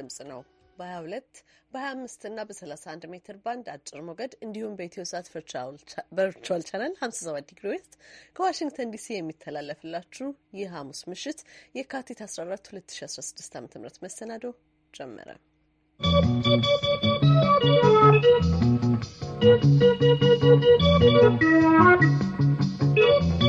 ድምጽ ነው። በ22 በ25 እና በ31 ሜትር ባንድ አጭር ሞገድ እንዲሁም በኢትዮ ሳት ቨርቹዋል ቻናል 57 ዲግሪ ዌስት ከዋሽንግተን ዲሲ የሚተላለፍላችሁ ይህ ሐሙስ ምሽት የካቲት 14 2016 ዓ ም መሰናዶ ጀመረ። ¶¶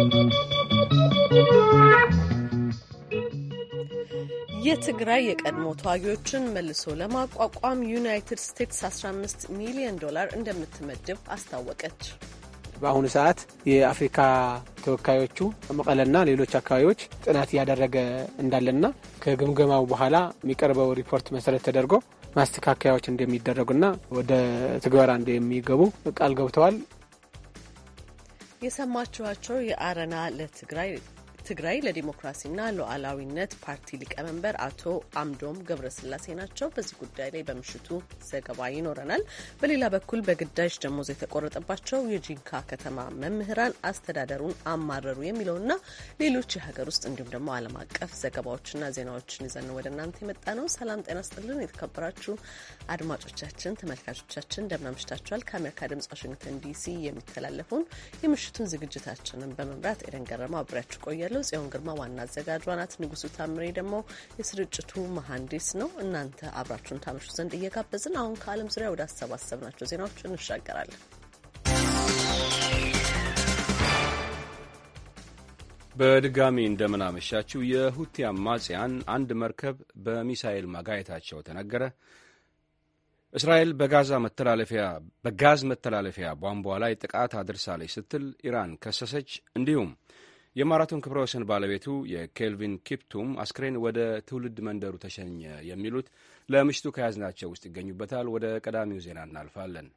የትግራይ የቀድሞ ተዋጊዎችን መልሶ ለማቋቋም ዩናይትድ ስቴትስ 15 ሚሊዮን ዶላር እንደምትመድብ አስታወቀች። በአሁኑ ሰዓት የአፍሪካ ተወካዮቹ መቀለና ሌሎች አካባቢዎች ጥናት እያደረገ እንዳለና ከግምገማው በኋላ የሚቀርበው ሪፖርት መሰረት ተደርጎ ማስተካከያዎች እንደሚደረጉና ወደ ትግበራ እንደሚገቡ ቃል ገብተዋል። የሰማችኋቸው የአረና ለትግራይ ትግራይ ለዲሞክራሲና ሉዓላዊነት ፓርቲ ሊቀመንበር አቶ አምዶም ገብረስላሴ ናቸው። በዚህ ጉዳይ ላይ በምሽቱ ዘገባ ይኖረናል። በሌላ በኩል በግዳጅ ደሞዝ የተቆረጠባቸው የጂንካ ከተማ መምህራን አስተዳደሩን አማረሩ የሚለውና ሌሎች የሀገር ውስጥ እንዲሁም ደግሞ ዓለም አቀፍ ዘገባዎችና ዜናዎችን ይዘን ወደ እናንተ የመጣ ነው። ሰላም ጤና ስጥልን። የተከበራችሁ አድማጮቻችን፣ ተመልካቾቻችን እንደምናምሽታችኋል። ከአሜሪካ ድምጽ ዋሽንግተን ዲሲ የሚተላለፈውን የምሽቱን ዝግጅታችንን በመምራት ኤደን ገረማ አብሬያችሁ ቆያል ያለው ጽዮን ግርማ፣ ዋና አዘጋጇ ናት። ንጉሱ ታምሬ ደግሞ የስርጭቱ መሐንዲስ ነው። እናንተ አብራችሁን ታመሹ ዘንድ እየጋበዝን አሁን ከዓለም ዙሪያ ወደ አሰባሰብናቸው ዜናዎች እንሻገራለን። በድጋሚ እንደምናመሻችው የሁቲ አማጽያን አንድ መርከብ በሚሳኤል ማጋየታቸው ተነገረ። እስራኤል በጋዛ መተላለፊያ በጋዝ መተላለፊያ ቧንቧ ላይ ጥቃት አድርሳለች ስትል ኢራን ከሰሰች። እንዲሁም የማራቶን ክብረ ወሰን ባለቤቱ የኬልቪን ኪፕቱም አስክሬን ወደ ትውልድ መንደሩ ተሸኘ። የሚሉት ለምሽቱ ከያዝናቸው ውስጥ ይገኙበታል። ወደ ቀዳሚው ዜና እናልፋለን።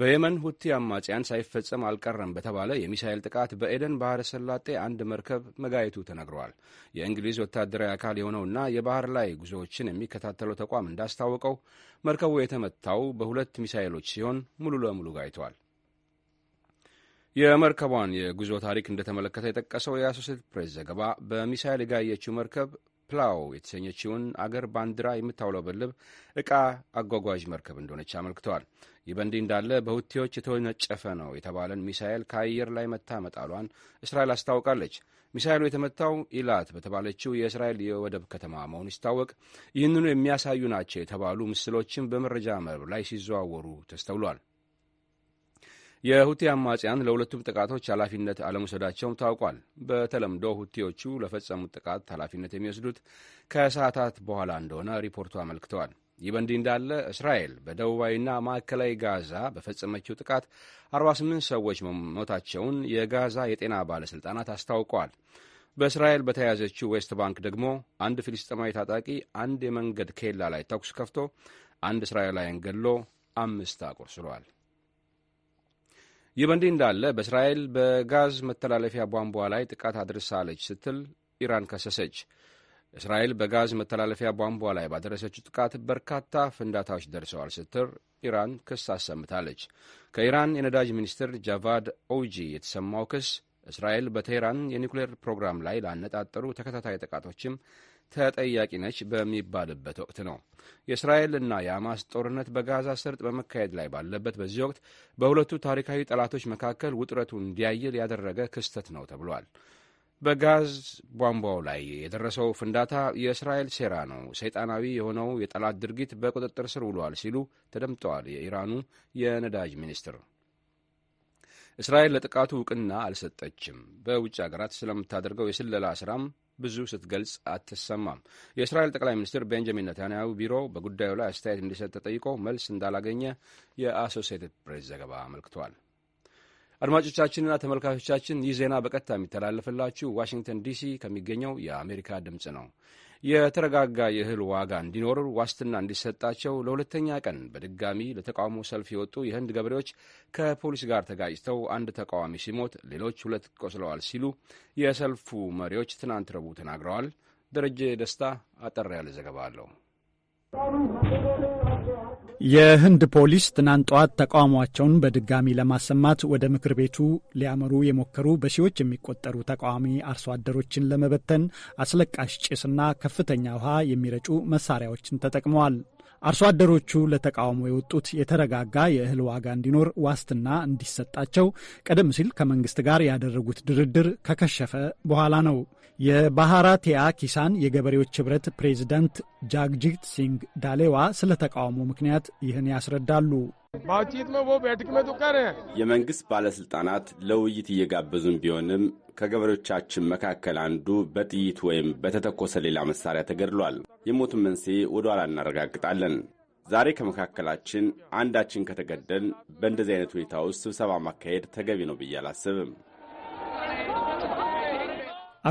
በየመን ሁቲ አማጽያን ሳይፈጸም አልቀረም በተባለ የሚሳኤል ጥቃት በኤደን ባህረ ሰላጤ አንድ መርከብ መጋየቱ ተነግረዋል። የእንግሊዝ ወታደራዊ አካል የሆነውና የባህር ላይ ጉዞዎችን የሚከታተለው ተቋም እንዳስታወቀው መርከቡ የተመታው በሁለት ሚሳኤሎች ሲሆን ሙሉ ለሙሉ ጋይተዋል። የመርከቧን የጉዞ ታሪክ እንደተመለከተ የጠቀሰው የአሶሴትድ ፕሬስ ዘገባ በሚሳይል የጋየችው መርከብ ፕላው የተሰኘችውን አገር ባንዲራ የምታውለበልብ ዕቃ አጓጓዥ መርከብ እንደሆነች አመልክተዋል። ይህ በእንዲህ እንዳለ በሁቲዎች የተወነጨፈ ነው የተባለን ሚሳኤል ከአየር ላይ መታ መጣሏን እስራኤል አስታውቃለች። ሚሳኤሉ የተመታው ኢላት በተባለችው የእስራኤል የወደብ ከተማ መሆኑ ሲታወቅ ይህንኑ የሚያሳዩ ናቸው የተባሉ ምስሎችም በመረጃ መረብ ላይ ሲዘዋወሩ ተስተውሏል። የሁቲ አማጽያን ለሁለቱም ጥቃቶች ኃላፊነት አለመውሰዳቸውም ታውቋል። በተለምዶ ሁቲዎቹ ለፈጸሙት ጥቃት ኃላፊነት የሚወስዱት ከሰዓታት በኋላ እንደሆነ ሪፖርቱ አመልክተዋል። ይህ በእንዲህ እንዳለ እስራኤል በደቡባዊና ማዕከላዊ ጋዛ በፈጸመችው ጥቃት 48 ሰዎች መሞታቸውን የጋዛ የጤና ባለሥልጣናት አስታውቀዋል። በእስራኤል በተያያዘችው ዌስት ባንክ ደግሞ አንድ ፊልስጥማዊ ታጣቂ አንድ የመንገድ ኬላ ላይ ተኩስ ከፍቶ አንድ እስራኤላውያን ገድሎ አምስት አቆስሏል። ይህ በእንዲህ እንዳለ በእስራኤል በጋዝ መተላለፊያ ቧንቧ ላይ ጥቃት አድርሳለች ስትል ኢራን ከሰሰች። እስራኤል በጋዝ መተላለፊያ ቧንቧ ላይ ባደረሰችው ጥቃት በርካታ ፍንዳታዎች ደርሰዋል ስትል ኢራን ክስ አሰምታለች። ከኢራን የነዳጅ ሚኒስትር ጃቫድ ኦጂ የተሰማው ክስ እስራኤል በቴህራን የኒውክሌር ፕሮግራም ላይ ላነጣጠሩ ተከታታይ ጥቃቶችም ተጠያቂ ነች በሚባልበት ወቅት ነው። የእስራኤልና የአማስ ጦርነት በጋዛ ሰርጥ በመካሄድ ላይ ባለበት በዚህ ወቅት በሁለቱ ታሪካዊ ጠላቶች መካከል ውጥረቱ እንዲያይል ያደረገ ክስተት ነው ተብሏል። በጋዝ ቧንቧው ላይ የደረሰው ፍንዳታ የእስራኤል ሴራ ነው፣ ሰይጣናዊ የሆነው የጠላት ድርጊት በቁጥጥር ስር ውሏል ሲሉ ተደምጠዋል የኢራኑ የነዳጅ ሚኒስትር። እስራኤል ለጥቃቱ እውቅና አልሰጠችም፣ በውጭ ሀገራት ስለምታደርገው የስለላ ስራም ብዙ ስትገልጽ አትሰማም። የእስራኤል ጠቅላይ ሚኒስትር ቤንጃሚን ነታንያሁ ቢሮ በጉዳዩ ላይ አስተያየት እንዲሰጥ ተጠይቆ መልስ እንዳላገኘ የአሶሴትድ ፕሬስ ዘገባ አመልክቷል። አድማጮቻችንና ተመልካቾቻችን ይህ ዜና በቀጥታ የሚተላለፍላችሁ ዋሽንግተን ዲሲ ከሚገኘው የአሜሪካ ድምፅ ነው። የተረጋጋ የእህል ዋጋ እንዲኖር ዋስትና እንዲሰጣቸው ለሁለተኛ ቀን በድጋሚ ለተቃውሞ ሰልፍ የወጡ የህንድ ገበሬዎች ከፖሊስ ጋር ተጋጭተው አንድ ተቃዋሚ ሲሞት ሌሎች ሁለት ቆስለዋል ሲሉ የሰልፉ መሪዎች ትናንት ረቡዕ ተናግረዋል። ደረጀ ደስታ አጠር ያለ ዘገባ አለው። የህንድ ፖሊስ ትናንት ጠዋት ተቃውሟቸውን በድጋሚ ለማሰማት ወደ ምክር ቤቱ ሊያመሩ የሞከሩ በሺዎች የሚቆጠሩ ተቃዋሚ አርሶ አደሮችን ለመበተን አስለቃሽ ጭስና ከፍተኛ ውሃ የሚረጩ መሳሪያዎችን ተጠቅመዋል። አርሶ አደሮቹ ለተቃውሞ የወጡት የተረጋጋ የእህል ዋጋ እንዲኖር ዋስትና እንዲሰጣቸው ቀደም ሲል ከመንግስት ጋር ያደረጉት ድርድር ከከሸፈ በኋላ ነው። የባህራቲያ ኪሳን የገበሬዎች ኅብረት ፕሬዚዳንት ጃግጂት ሲንግ ዳሌዋ ስለ ተቃውሞ ምክንያት ይህን ያስረዳሉ። የመንግሥት ባለሥልጣናት ለውይይት እየጋበዙን ቢሆንም ከገበሬዎቻችን መካከል አንዱ በጥይት ወይም በተተኮሰ ሌላ መሳሪያ ተገድሏል። የሞቱን መንስኤ ወደ ኋላ እናረጋግጣለን። ዛሬ ከመካከላችን አንዳችን ከተገደን በእንደዚህ አይነት ሁኔታ ውስጥ ስብሰባ ማካሄድ ተገቢ ነው ብዬ አላስብም።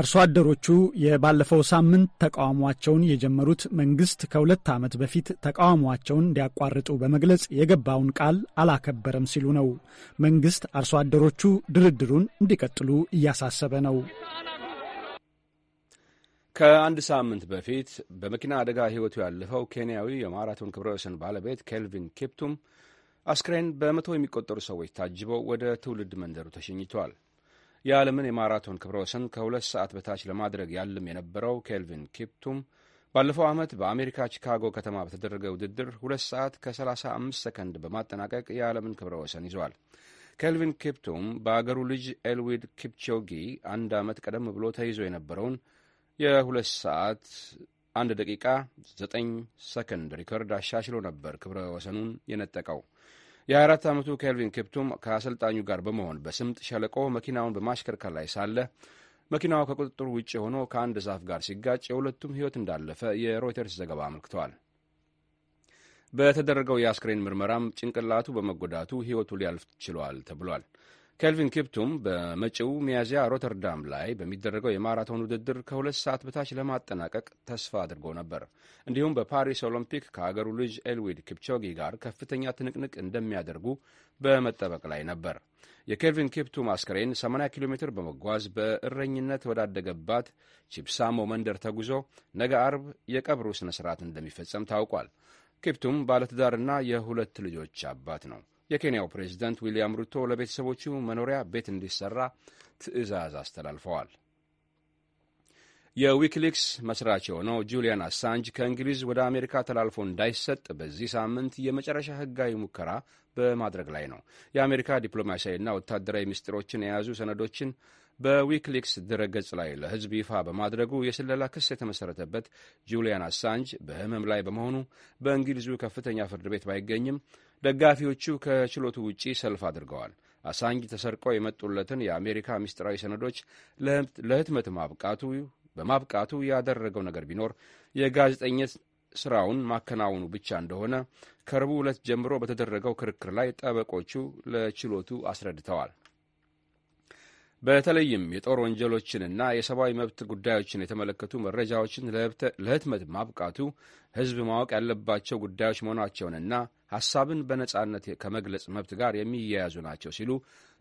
አርሶ አደሮቹ የባለፈው ሳምንት ተቃውሟቸውን የጀመሩት መንግስት ከሁለት ዓመት በፊት ተቃውሟቸውን እንዲያቋርጡ በመግለጽ የገባውን ቃል አላከበረም ሲሉ ነው። መንግስት አርሶ አደሮቹ ድርድሩን እንዲቀጥሉ እያሳሰበ ነው። ከአንድ ሳምንት በፊት በመኪና አደጋ ሕይወቱ ያለፈው ኬንያዊ የማራቶን ክብረ ወሰን ባለቤት ኬልቪን ኬፕቱም አስክሬን በመቶ የሚቆጠሩ ሰዎች ታጅበው ወደ ትውልድ መንደሩ ተሸኝተዋል። የዓለምን የማራቶን ክብረ ወሰን ከሁለት ሰዓት በታች ለማድረግ ያልም የነበረው ኬልቪን ኪፕቱም ባለፈው ዓመት በአሜሪካ ቺካጎ ከተማ በተደረገ ውድድር ሁለት ሰዓት ከ35 ሰከንድ በማጠናቀቅ የዓለምን ክብረ ወሰን ይዟል። ኬልቪን ኪፕቱም በአገሩ ልጅ ኤልዊድ ኪፕቾጊ አንድ ዓመት ቀደም ብሎ ተይዞ የነበረውን የሁለት ሰዓት አንድ ደቂቃ 9 ሰከንድ ሪከርድ አሻሽሎ ነበር ክብረ ወሰኑን የነጠቀው። የ ዓመቱ ኬልቪን ክብቱም ከአሰልጣኙ ጋር በመሆን በስምጥ ሸለቆ መኪናውን በማሽከርከር ላይ ሳለ መኪናው ከቁጥጥር ውጭ ሆኖ ከአንድ ዛፍ ጋር ሲጋጭ የሁለቱም ሕይወት እንዳለፈ የሮይተርስ ዘገባ አመልክተዋል። በተደረገው የአስክሬን ምርመራም ጭንቅላቱ በመጎዳቱ ሕይወቱ ሊያልፍ ችሏል ተብሏል። ኬልቪን ኪፕቱም በመጪው ሚያዝያ ሮተርዳም ላይ በሚደረገው የማራቶን ውድድር ከሁለት ሰዓት በታች ለማጠናቀቅ ተስፋ አድርጎ ነበር። እንዲሁም በፓሪስ ኦሎምፒክ ከአገሩ ልጅ ኤልዊድ ኪፕቾጊ ጋር ከፍተኛ ትንቅንቅ እንደሚያደርጉ በመጠበቅ ላይ ነበር። የኬልቪን ኪፕቱም አስክሬን 80 ኪሎ ሜትር በመጓዝ በእረኝነት ወዳደገባት ቺፕሳሞ መንደር ተጉዞ ነገ አርብ የቀብሩ ስነ ስርዓት እንደሚፈጸም ታውቋል። ኪፕቱም ባለትዳርና የሁለት ልጆች አባት ነው። የኬንያው ፕሬዚዳንት ዊልያም ሩቶ ለቤተሰቦቹ መኖሪያ ቤት እንዲሰራ ትዕዛዝ አስተላልፈዋል። የዊኪሊክስ መስራች የሆነው ጁሊያን አሳንጅ ከእንግሊዝ ወደ አሜሪካ ተላልፎ እንዳይሰጥ በዚህ ሳምንት የመጨረሻ ሕጋዊ ሙከራ በማድረግ ላይ ነው። የአሜሪካ ዲፕሎማሲያዊና ወታደራዊ ምስጢሮችን የያዙ ሰነዶችን በዊኪሊክስ ድረገጽ ላይ ለሕዝብ ይፋ በማድረጉ የስለላ ክስ የተመሠረተበት ጁሊያን አሳንጅ በህመም ላይ በመሆኑ በእንግሊዙ ከፍተኛ ፍርድ ቤት ባይገኝም ደጋፊዎቹ ከችሎቱ ውጪ ሰልፍ አድርገዋል። አሳንጅ ተሰርቀው የመጡለትን የአሜሪካ ምስጢራዊ ሰነዶች ለህትመት ማብቃቱ በማብቃቱ ያደረገው ነገር ቢኖር የጋዜጠኝነት ስራውን ማከናወኑ ብቻ እንደሆነ ከረቡዕ ዕለት ጀምሮ በተደረገው ክርክር ላይ ጠበቆቹ ለችሎቱ አስረድተዋል። በተለይም የጦር ወንጀሎችንና የሰብአዊ መብት ጉዳዮችን የተመለከቱ መረጃዎችን ለህትመት ማብቃቱ ህዝብ ማወቅ ያለባቸው ጉዳዮች መሆናቸውንና ሐሳብን በነጻነት ከመግለጽ መብት ጋር የሚያያዙ ናቸው ሲሉ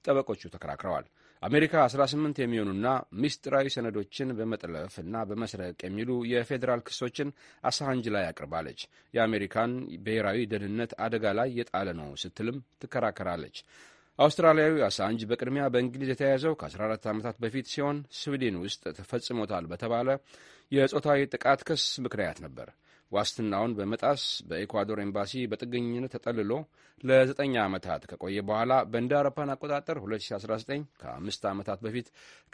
ጠበቆቹ ተከራክረዋል። አሜሪካ 18 የሚሆኑና ምስጢራዊ ሰነዶችን በመጥለፍ እና በመስረቅ የሚሉ የፌዴራል ክሶችን አሳንጅ ላይ አቅርባለች። የአሜሪካን ብሔራዊ ደህንነት አደጋ ላይ የጣለ ነው ስትልም ትከራከራለች። አውስትራሊያዊ አሳንጅ በቅድሚያ በእንግሊዝ የተያዘው ከ14 ዓመታት በፊት ሲሆን ስዊድን ውስጥ ተፈጽሞታል በተባለ የጾታዊ ጥቃት ክስ ምክንያት ነበር። ዋስትናውን በመጣስ በኤኳዶር ኤምባሲ በጥገኝነት ተጠልሎ ለ9 ዓመታት ከቆየ በኋላ በእንደ አውሮፓውያን አቆጣጠር 2019 ከአምስት ዓመታት በፊት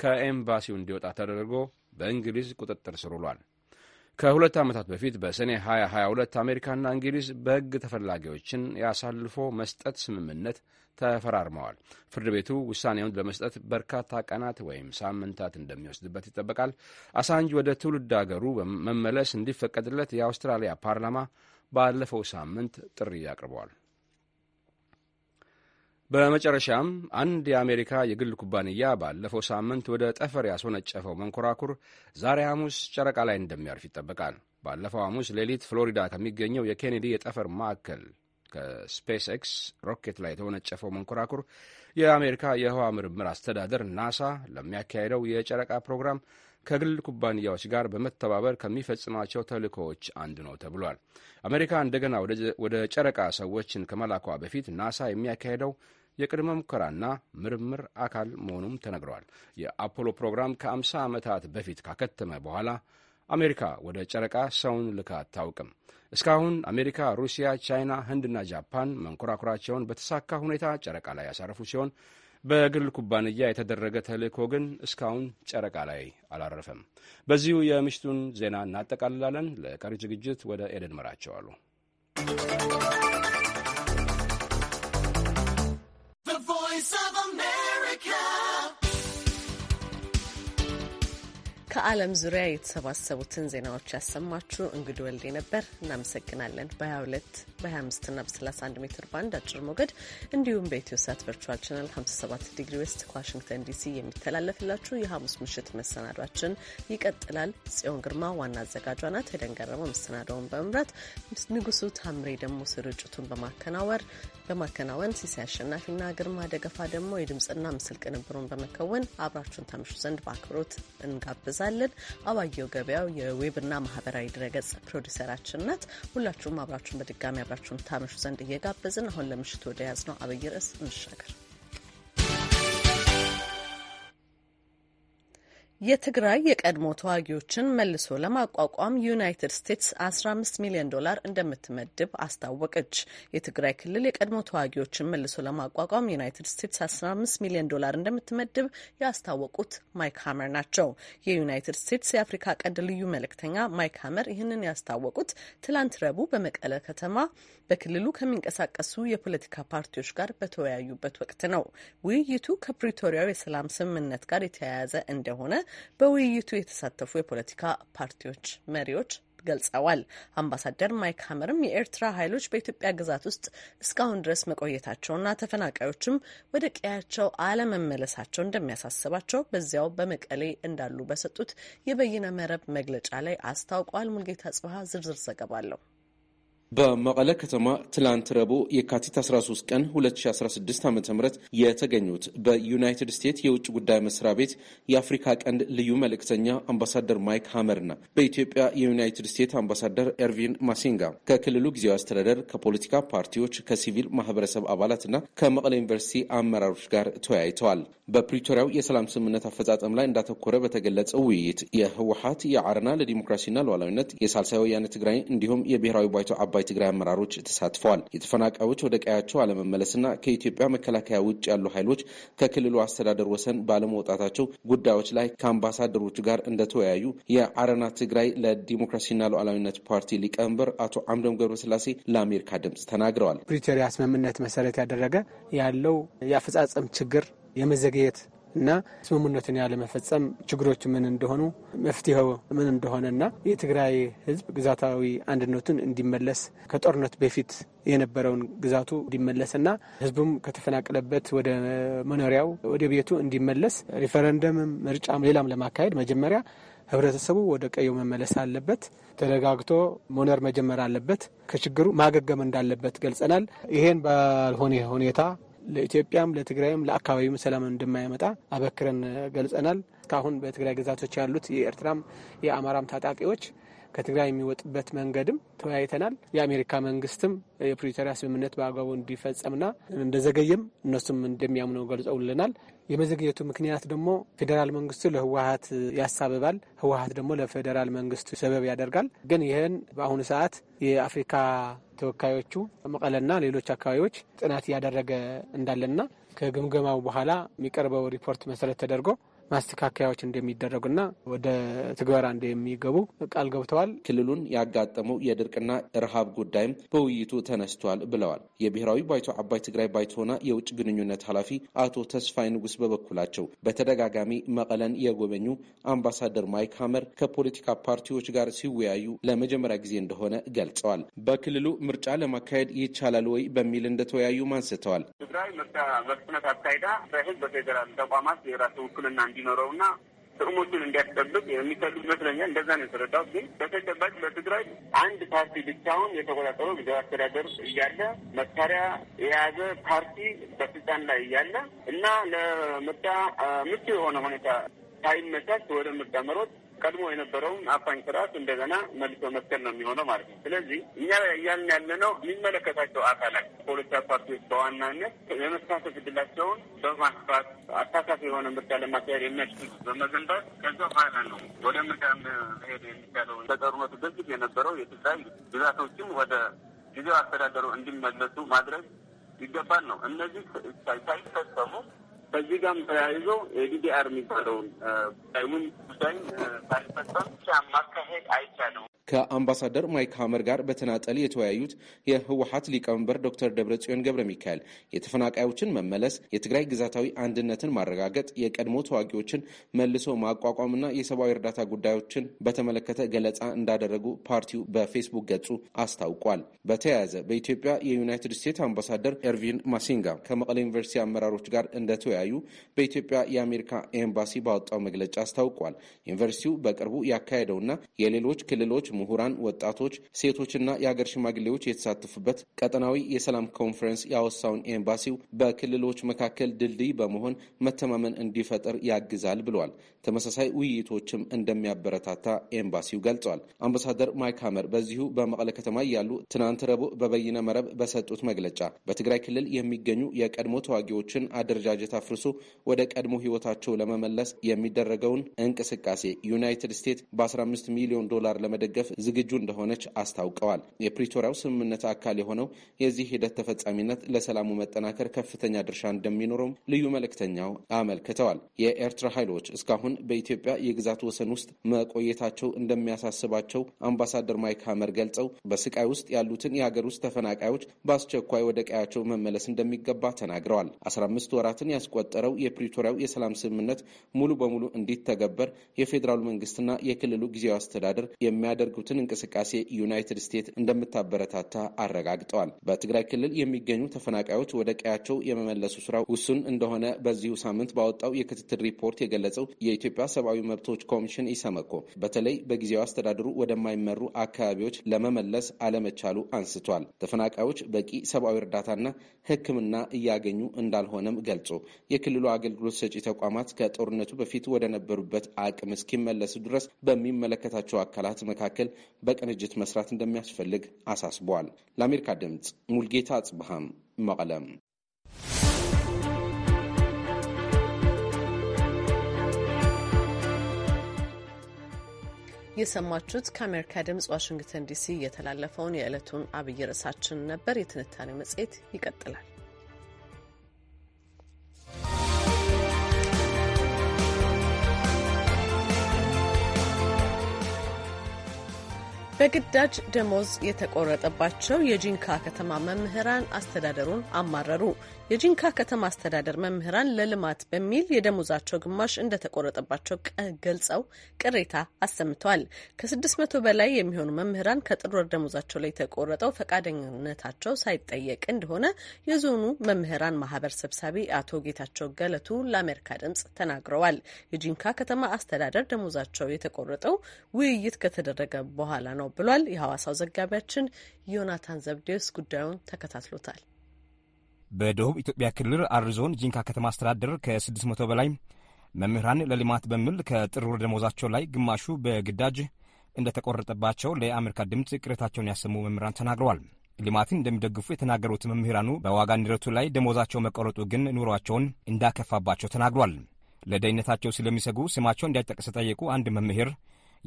ከኤምባሲው እንዲወጣ ተደርጎ በእንግሊዝ ቁጥጥር ስር ውሏል። ከሁለት ዓመታት በፊት በሰኔ 2022 አሜሪካና እንግሊዝ በሕግ ተፈላጊዎችን ያሳልፎ መስጠት ስምምነት ተፈራርመዋል። ፍርድ ቤቱ ውሳኔውን ለመስጠት በርካታ ቀናት ወይም ሳምንታት እንደሚወስድበት ይጠበቃል። አሳንጅ ወደ ትውልድ አገሩ መመለስ እንዲፈቀድለት የአውስትራሊያ ፓርላማ ባለፈው ሳምንት ጥሪ አቅርበዋል። በመጨረሻም አንድ የአሜሪካ የግል ኩባንያ ባለፈው ሳምንት ወደ ጠፈር ያስወነጨፈው መንኮራኩር ዛሬ ሐሙስ ጨረቃ ላይ እንደሚያርፍ ይጠበቃል። ባለፈው ሐሙስ ሌሊት ፍሎሪዳ ከሚገኘው የኬኔዲ የጠፈር ማዕከል ከስፔስ ኤክስ ሮኬት ላይ የተወነጨፈው መንኮራኩር የአሜሪካ የህዋ ምርምር አስተዳደር ናሳ ለሚያካሄደው የጨረቃ ፕሮግራም ከግል ኩባንያዎች ጋር በመተባበር ከሚፈጽማቸው ተልእኮዎች አንዱ ነው ተብሏል። አሜሪካ እንደገና ወደ ጨረቃ ሰዎችን ከመላኳ በፊት ናሳ የሚያካሄደው የቅድመ ሙከራና ምርምር አካል መሆኑም ተነግረዋል። የአፖሎ ፕሮግራም ከ50 ዓመታት በፊት ካከተመ በኋላ አሜሪካ ወደ ጨረቃ ሰውን ልካ አታውቅም። እስካሁን አሜሪካ፣ ሩሲያ፣ ቻይና፣ ህንድና ጃፓን መንኮራኩራቸውን በተሳካ ሁኔታ ጨረቃ ላይ ያሳረፉ ሲሆን በግል ኩባንያ የተደረገ ተልእኮ ግን እስካሁን ጨረቃ ላይ አላረፈም። በዚሁ የምሽቱን ዜና እናጠቃልላለን። ለቀሪ ዝግጅት ወደ ኤደን መራቸዋሉ። ከዓለም ዙሪያ የተሰባሰቡትን ዜናዎች ያሰማችሁ እንግዲህ ወልዴ ነበር። እናመሰግናለን። በ22 በ25 ና በ31 ሜትር ባንድ አጭር ሞገድ እንዲሁም በኢትዮ ሳት ቨርቹዋል ቻናል 57 ዲግሪ ዌስት ከዋሽንግተን ዲሲ የሚተላለፍላችሁ የሐሙስ ምሽት መሰናዷችን ይቀጥላል። ጽዮን ግርማ ዋና አዘጋጇ ናት። ሄደን ገረመው መሰናዳውን በመምራት ንጉሱ ታምሬ ደግሞ ስርጭቱን በማከናወር በማከናወን ሲሳይ አሸናፊና ግርማ ደገፋ ደግሞ የድምፅና ምስል ቅንብሩን በመከወን አብራችሁን ታምሹ ዘንድ በአክብሮት እንጋብዛለን። አባየው ገበያው የዌብና ማህበራዊ ድረገጽ ፕሮዲሰራችን ናት። ሁላችሁም አብራችሁን በድጋሚ አብራችሁን ታምሹ ዘንድ እየጋበዝን አሁን ለምሽቱ ወደ ያዝነው አብይ ርዕስ እንሻገር። የትግራይ የቀድሞ ተዋጊዎችን መልሶ ለማቋቋም ዩናይትድ ስቴትስ 15 ሚሊዮን ዶላር እንደምትመድብ አስታወቀች። የትግራይ ክልል የቀድሞ ተዋጊዎችን መልሶ ለማቋቋም ዩናይትድ ስቴትስ 15 ሚሊዮን ዶላር እንደምትመድብ ያስታወቁት ማይክ ሀመር ናቸው። የዩናይትድ ስቴትስ የአፍሪካ ቀንድ ልዩ መልእክተኛ ማይክ ሀመር ይህንን ያስታወቁት ትላንት ረቡዕ በመቀለ ከተማ በክልሉ ከሚንቀሳቀሱ የፖለቲካ ፓርቲዎች ጋር በተወያዩበት ወቅት ነው። ውይይቱ ከፕሪቶሪያው የሰላም ስምምነት ጋር የተያያዘ እንደሆነ በውይይቱ የተሳተፉ የፖለቲካ ፓርቲዎች መሪዎች ገልጸዋል። አምባሳደር ማይክ ሀመርም የኤርትራ ኃይሎች በኢትዮጵያ ግዛት ውስጥ እስካሁን ድረስ መቆየታቸውና ተፈናቃዮችም ወደ ቀያቸው አለመመለሳቸው እንደሚያሳስባቸው በዚያው በመቀሌ እንዳሉ በሰጡት የበይነ መረብ መግለጫ ላይ አስታውቋል። ሙልጌታ ጽብሃ ዝርዝር ዘገባ አለው። በመቀለ ከተማ ትላንት ረቡዕ የካቲት 13 ቀን 2016 ዓ ም የተገኙት በዩናይትድ ስቴትስ የውጭ ጉዳይ መስሪያ ቤት የአፍሪካ ቀንድ ልዩ መልእክተኛ አምባሳደር ማይክ ሀመርና በኢትዮጵያ የዩናይትድ ስቴትስ አምባሳደር ኤርቪን ማሲንጋ ከክልሉ ጊዜያዊ አስተዳደር ከፖለቲካ ፓርቲዎች ከሲቪል ማህበረሰብ አባላትና ከመቀለ ዩኒቨርሲቲ አመራሮች ጋር ተወያይተዋል። በፕሪቶሪያው የሰላም ስምምነት አፈጻጸም ላይ እንዳተኮረ በተገለጸው ውይይት የህወሀት የአረና ለዲሞክራሲና ለሉዓላዊነት የሳልሳይ ወያነ ትግራይ እንዲሁም የብሔራዊ ባይቶ አባ በርካታ ትግራይ አመራሮች ተሳትፈዋል። የተፈናቃዮች ወደ ቀያቸው አለመመለስና ከኢትዮጵያ መከላከያ ውጭ ያሉ ኃይሎች ከክልሉ አስተዳደር ወሰን ባለመውጣታቸው ጉዳዮች ላይ ከአምባሳደሮቹ ጋር እንደተወያዩ የአረና ትግራይ ለዲሞክራሲና ሉዓላዊነት ፓርቲ ሊቀመንበር አቶ አምዶም ገብረስላሴ ለአሜሪካ ድምጽ ተናግረዋል። ፕሪቶሪያ ስምምነት መሰረት ያደረገ ያለው የአፈጻጸም ችግር የመዘግየት እና ስምምነትን ያለመፈጸም ችግሮች ምን እንደሆኑ መፍትሄው ምን እንደሆነ እና የትግራይ ህዝብ ግዛታዊ አንድነቱን እንዲመለስ ከጦርነት በፊት የነበረውን ግዛቱ እንዲመለስና ህዝቡም ከተፈናቀለበት ወደ መኖሪያው ወደ ቤቱ እንዲመለስ ሪፈረንደምም ምርጫም ሌላም ለማካሄድ መጀመሪያ ህብረተሰቡ ወደ ቀዩ መመለስ አለበት። ተረጋግቶ መኖር መጀመር አለበት። ከችግሩ ማገገም እንዳለበት ገልጸናል። ይሄን ባልሆነ ሁኔታ ለኢትዮጵያም ለትግራይም ለአካባቢውም ሰላም እንደማያመጣ አበክረን ገልጸናል። እስካሁን በትግራይ ግዛቶች ያሉት የኤርትራም የአማራም ታጣቂዎች ከትግራይ የሚወጡበት መንገድም ተወያይተናል። የአሜሪካ መንግስትም የፕሪቶሪያ ስምምነት በአግባቡ እንዲፈጸምና እንደዘገየም እነሱም እንደሚያምነው ገልጸውልናል። የመዘግየቱ ምክንያት ደግሞ ፌዴራል መንግስቱ ለህወሀት ያሳብባል፣ ህወሀት ደግሞ ለፌዴራል መንግስቱ ሰበብ ያደርጋል። ግን ይህን በአሁኑ ሰዓት የአፍሪካ ተወካዮቹ መቀለና ሌሎች አካባቢዎች ጥናት እያደረገ እንዳለና ከግምገማው በኋላ የሚቀርበው ሪፖርት መሰረት ተደርጎ ማስተካከያዎች እንደሚደረጉና ወደ ትግበራ እንደሚገቡ ቃል ገብተዋል። ክልሉን ያጋጠመው የድርቅና ረሃብ ጉዳይም በውይይቱ ተነስቷል ብለዋል። የብሔራዊ ባይቶ አባይ ትግራይ ባይቶና የውጭ ግንኙነት ኃላፊ አቶ ተስፋይ ንጉስ በበኩላቸው በተደጋጋሚ መቀለን የጎበኙ አምባሳደር ማይክ ሀመር ከፖለቲካ ፓርቲዎች ጋር ሲወያዩ ለመጀመሪያ ጊዜ እንደሆነ ገልጸዋል። በክልሉ ምርጫ ለማካሄድ ይቻላል ወይ በሚል እንደተወያዩም አንስተዋል። ትግራይ ምርጫ በፍጥነት አካሂዳ በህዝብ በፌዴራል ተቋማት የራሱ ውክልና እንዲኖረው እና ጥቅሞቹን እንዲያስጠብቅ የሚሰጡ ይመስለኛል። እንደዛ ነው የተረዳሁት። ግን በተጨባጭ በትግራይ አንድ ፓርቲ ብቻውን የተቆጣጠረው ጊዜያዊ አስተዳደር እያለ መሳሪያ የያዘ ፓርቲ በስልጣን ላይ እያለ እና ለምርጫ ምቹ የሆነ ሁኔታ ሳይመቻች ወደ ምርጫ መሮጥ ቀድሞ የነበረውን አፋኝ ስርዓት እንደገና መልሶ መትከል ነው የሚሆነው ማለት ነው። ስለዚህ እኛ እያልን ነው የሚመለከታቸው አካላት ፖለቲካ ፓርቲዎች በዋናነት የመሳተፍ እድላቸውን በማስፋት አሳታፊ የሆነ ምርጫ ለማካሄድ የሚያስችል በመገንባት ከዛ በኋላ ነው ወደ ምርጫ መሄድ የሚቻለው። ከጦርነቱ በፊት የነበረው የትግራይ ግዛቶችም ወደ ጊዜው አስተዳደሩ እንዲመለሱ ማድረግ ይገባል ነው እነዚህ ሳይፈጸሙ ከዚህ ጋርም ተያይዞ የዲዲአር የሚባለውን ጉዳዩን ጉዳይ ሳይፈጸም ብቻ ማካሄድ አይቻልም። ከአምባሳደር ማይክ ሀመር ጋር በተናጠል የተወያዩት የህወሀት ሊቀመንበር ዶክተር ደብረጽዮን ገብረ ሚካኤል የተፈናቃዮችን መመለስ፣ የትግራይ ግዛታዊ አንድነትን ማረጋገጥ፣ የቀድሞ ተዋጊዎችን መልሶ ማቋቋምና የሰብአዊ እርዳታ ጉዳዮችን በተመለከተ ገለጻ እንዳደረጉ ፓርቲው በፌስቡክ ገጹ አስታውቋል። በተያያዘ በኢትዮጵያ የዩናይትድ ስቴትስ አምባሳደር ኤርቪን ማሲንጋ ከመቀሌ ዩኒቨርሲቲ አመራሮች ጋር እንደተወያዩ በኢትዮጵያ የአሜሪካ ኤምባሲ ባወጣው መግለጫ አስታውቋል። ዩኒቨርሲቲው በቅርቡ ያካሄደውና የሌሎች ክልሎች ምሁራን፣ ወጣቶች፣ ሴቶችና የአገር ሽማግሌዎች የተሳተፉበት ቀጠናዊ የሰላም ኮንፈረንስ ያወሳውን ኤምባሲው በክልሎች መካከል ድልድይ በመሆን መተማመን እንዲፈጠር ያግዛል ብሏል። ተመሳሳይ ውይይቶችም እንደሚያበረታታ ኤምባሲው ገልጿል። አምባሳደር ማይክ ሀመር በዚሁ በመቀለ ከተማ ያሉ ትናንት ረቡዕ በበይነ መረብ በሰጡት መግለጫ በትግራይ ክልል የሚገኙ የቀድሞ ተዋጊዎችን አደረጃጀት አፍርሶ ወደ ቀድሞ ህይወታቸው ለመመለስ የሚደረገውን እንቅስቃሴ ዩናይትድ ስቴትስ በ15 ሚሊዮን ዶላር ለመደገፍ ለመደገፍ ዝግጁ እንደሆነች አስታውቀዋል። የፕሪቶሪያው ስምምነት አካል የሆነው የዚህ ሂደት ተፈጻሚነት ለሰላሙ መጠናከር ከፍተኛ ድርሻ እንደሚኖረውም ልዩ መልእክተኛው አመልክተዋል። የኤርትራ ኃይሎች እስካሁን በኢትዮጵያ የግዛት ወሰን ውስጥ መቆየታቸው እንደሚያሳስባቸው አምባሳደር ማይክ ሀመር ገልጸው በስቃይ ውስጥ ያሉትን የሀገር ውስጥ ተፈናቃዮች በአስቸኳይ ወደ ቀያቸው መመለስ እንደሚገባ ተናግረዋል። አስራ አምስት ወራትን ያስቆጠረው የፕሪቶሪያው የሰላም ስምምነት ሙሉ በሙሉ እንዲተገበር የፌዴራሉ መንግስትና የክልሉ ጊዜያዊ አስተዳደር የሚያደርገው ያደረጉትን እንቅስቃሴ ዩናይትድ ስቴትስ እንደምታበረታታ አረጋግጠዋል። በትግራይ ክልል የሚገኙ ተፈናቃዮች ወደ ቀያቸው የመመለሱ ስራ ውሱን እንደሆነ በዚሁ ሳምንት ባወጣው የክትትል ሪፖርት የገለጸው የኢትዮጵያ ሰብአዊ መብቶች ኮሚሽን ኢሰመኮ በተለይ በጊዜያዊ አስተዳደሩ ወደማይመሩ አካባቢዎች ለመመለስ አለመቻሉ አንስቷል። ተፈናቃዮች በቂ ሰብአዊ እርዳታና ሕክምና እያገኙ እንዳልሆነም ገልጾ የክልሉ አገልግሎት ሰጪ ተቋማት ከጦርነቱ በፊት ወደነበሩበት አቅም እስኪመለስ ድረስ በሚመለከታቸው አካላት መካከል ለመታገል በቅንጅት መስራት እንደሚያስፈልግ አሳስበዋል። ለአሜሪካ ድምፅ ሙልጌታ አጽብሃም መቀለም። የሰማችሁት ከአሜሪካ ድምጽ ዋሽንግተን ዲሲ የተላለፈውን የዕለቱን አብይ ርዕሳችን ነበር። የትንታኔ መጽሔት ይቀጥላል። በግዳጅ ደሞዝ የተቆረጠባቸው የጂንካ ከተማ መምህራን አስተዳደሩን አማረሩ። የጂንካ ከተማ አስተዳደር መምህራን ለልማት በሚል የደሞዛቸው ግማሽ እንደተቆረጠባቸው ገልጸው ቅሬታ አሰምተዋል። ከ600 በላይ የሚሆኑ መምህራን ከጥር ወር ደሞዛቸው ላይ የተቆረጠው ፈቃደኝነታቸው ሳይጠየቅ እንደሆነ የዞኑ መምህራን ማህበር ሰብሳቢ አቶ ጌታቸው ገለቱ ለአሜሪካ ድምጽ ተናግረዋል። የጂንካ ከተማ አስተዳደር ደሞዛቸው የተቆረጠው ውይይት ከተደረገ በኋላ ነው ብሏል። የሐዋሳው ዘጋቢያችን ዮናታን ዘብዴዎስ ጉዳዩን ተከታትሎታል። በደቡብ ኢትዮጵያ ክልል ሐረር ዞን ጂንካ ከተማ አስተዳደር ከ600 በላይ መምህራን ለልማት በሚል ከጥር ወር ደሞዛቸው ላይ ግማሹ በግዳጅ እንደተቆረጠባቸው ለአሜሪካ ድምፅ ቅሬታቸውን ያሰሙ መምህራን ተናግረዋል። ልማትን እንደሚደግፉ የተናገሩት መምህራኑ በዋጋ ንረቱ ላይ ደሞዛቸው መቆረጡ ግን ኑሯቸውን እንዳከፋባቸው ተናግሯል። ለደህንነታቸው ስለሚሰጉ ስማቸው እንዳይጠቀስ ጠየቁ አንድ መምህር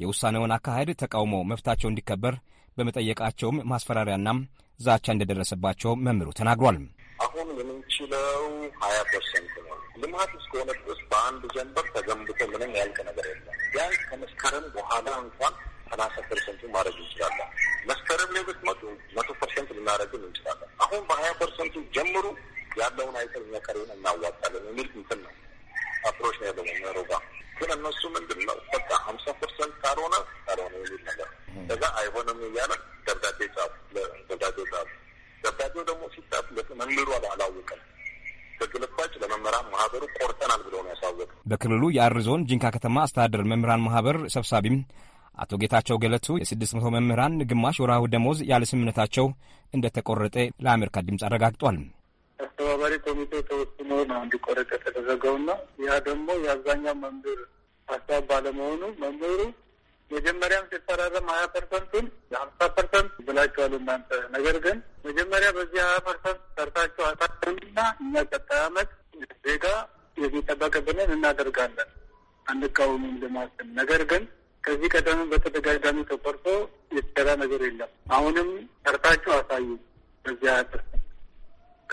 የውሳኔውን አካሄድ ተቃውሞ መብታቸው እንዲከበር በመጠየቃቸውም ማስፈራሪያና ዛቻ እንደደረሰባቸው መምህሩ ተናግሯል። አሁን የምንችለው ሀያ ፐርሰንት ነው። ልማት እስከሆነ ድረስ በአንድ ጀንበር ተገንብቶ ምንም ያልቅ ነገር የለም። ቢያንስ ከመስከረም በኋላ እንኳን ሰላሳ ፐርሰንቱ ማድረግ እንችላለን። መስከረም ላይ ብትመጡ መቶ ፐርሰንት ልናደረግን እንችላለን። አሁን በሀያ ፐርሰንቱ ጀምሩ ያለውን አይተን እኛ ቀሪውን እናዋጣለን የሚል እንትን ነው አፕሮች ነው ያለው ሮጋ ግን እነሱ ምንድን ነው በቃ ሀምሳ ፐርሰንት ካልሆነ ካልሆነ የሚል ነገር ከዛ አይሆንም እያለ ደብዳቤ ጻፉ ደብዳቤ ጻፉ ደብዳቤው ደግሞ ሲጻፍ መምህሩ አላወቀም። በግልባጭ ለመምህራን ማህበሩ ቆርጠናል ብለው ነው ያሳወቅ። በክልሉ የአር ዞን ጂንካ ከተማ አስተዳደር መምህራን ማህበር ሰብሳቢም አቶ ጌታቸው ገለቱ የስድስት መቶ መምህራን ግማሽ ወርሃዊ ደሞዝ ያለ ስምምነታቸው እንደተቆረጠ ለአሜሪካ ድምፅ አረጋግጧል። አስተባባሪ ኮሚቴ ተወስኖ ነው እንዲቆረጠ የተደረገውና ያ ደግሞ የአብዛኛው መምህር ሀሳብ ባለመሆኑ መምህሩ መጀመሪያም ሲፈራረም ሀያ ፐርሰንቱን የሀምሳ ፐርሰንት ብላችኋል እናንተ። ነገር ግን መጀመሪያ በዚህ ሀያ ፐርሰንት ሰርታችሁ አሳና እኛ ቀጣይ አመት ዜጋ የሚጠበቅብንን እናደርጋለን አንቃወሙም ልማትን። ነገር ግን ከዚህ ቀደም በተደጋጋሚ ተቆርጦ የተሰራ ነገር የለም። አሁንም ሰርታችሁ አሳዩ በዚህ ሀያ ፐርሰንት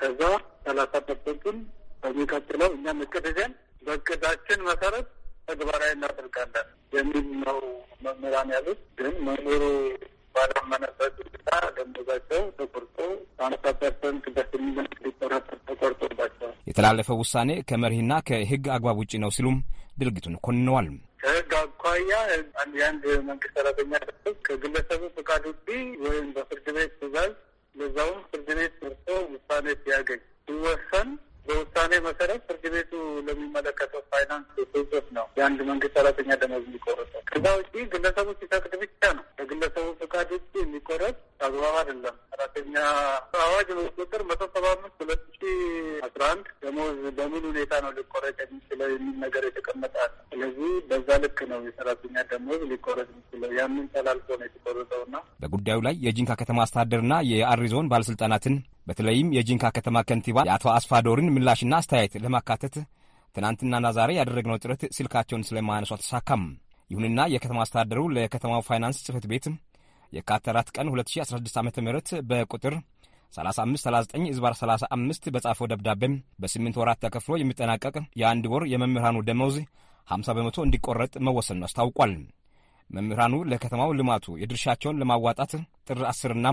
ከዛ ሰላሳ ፐርሰንቱን በሚቀጥለው እኛም እቅድ ይዘን በእቅዳችን መሰረት ተግባራዊ እናደርጋለን የሚል ነው መምህራን ያሉት። ግን መምህሩ ባላመነበት ሁኔታ ደንበዛቸው ተቆርጦ አምሳ ፐርሰንት በስምንት ሊቆረጠር ተቆርጦባቸዋል። የተላለፈው ውሳኔ ከመርህና ከህግ አግባብ ውጭ ነው ሲሉም ድርጊቱን ኮንነዋል። ከህግ አኳያ የአንድ መንግስት ሰራተኛ ከግለሰቡ ፍቃድ ውጭ ወይም በፍርድ ቤት ትእዛዝ ለዛውም ፍርድ ቤት መርቶ ውሳኔ ሲያገኝ ሲወሰን በውሳኔ መሰረት ፍርድ ቤቱ ለሚመለከተው ፋይናንስ ስውጦት ነው የአንድ መንግስት ሰራተኛ ደመወዝ የሚቆረጠው። ከዛ ውጪ ግለሰቡ ሲፈቅድ ብቻ ነው። ለግለሰቡ ፍቃድ ውጭ የሚቆረጥ አግባብ አይደለም። ሰራተኛ አዋጅ ቁጥር መቶ ሰባ አምስት ሁለት ሺ አስራ አንድ ደመወዝ በምን ሁኔታ ነው ሊቆረጥ የሚችለው የሚል ነገር የተቀመጠ አለ። ስለዚህ በዛ ልክ ነው የሰራተኛ ደመወዝ ሊቆረጥ የሚችለው ያንን ተላልፎ ነው የተቆረጠውና በጉዳዩ ላይ የጂንካ ከተማ አስተዳደርና የአሪ ዞን ባለስልጣናትን በተለይም የጂንካ ከተማ ከንቲባ የአቶ አስፋዶርን ምላሽና አስተያየት ለማካተት ትናንትናና ዛሬ ያደረግነው ጥረት ስልካቸውን ስለማያነሱ አልተሳካም። ይሁንና የከተማ አስተዳደሩ ለከተማው ፋይናንስ ጽህፈት ቤት የካቲት 4 ቀን 2016 ዓ ም በቁጥር 3539 በጻፈው ደብዳቤ በስምንት ወራት ተከፍሎ የሚጠናቀቅ የአንድ ወር የመምህራኑ ደመወዝ 50 በመቶ እንዲቆረጥ መወሰኑ አስታውቋል። መምህራኑ ለከተማው ልማቱ የድርሻቸውን ለማዋጣት ጥር 10ና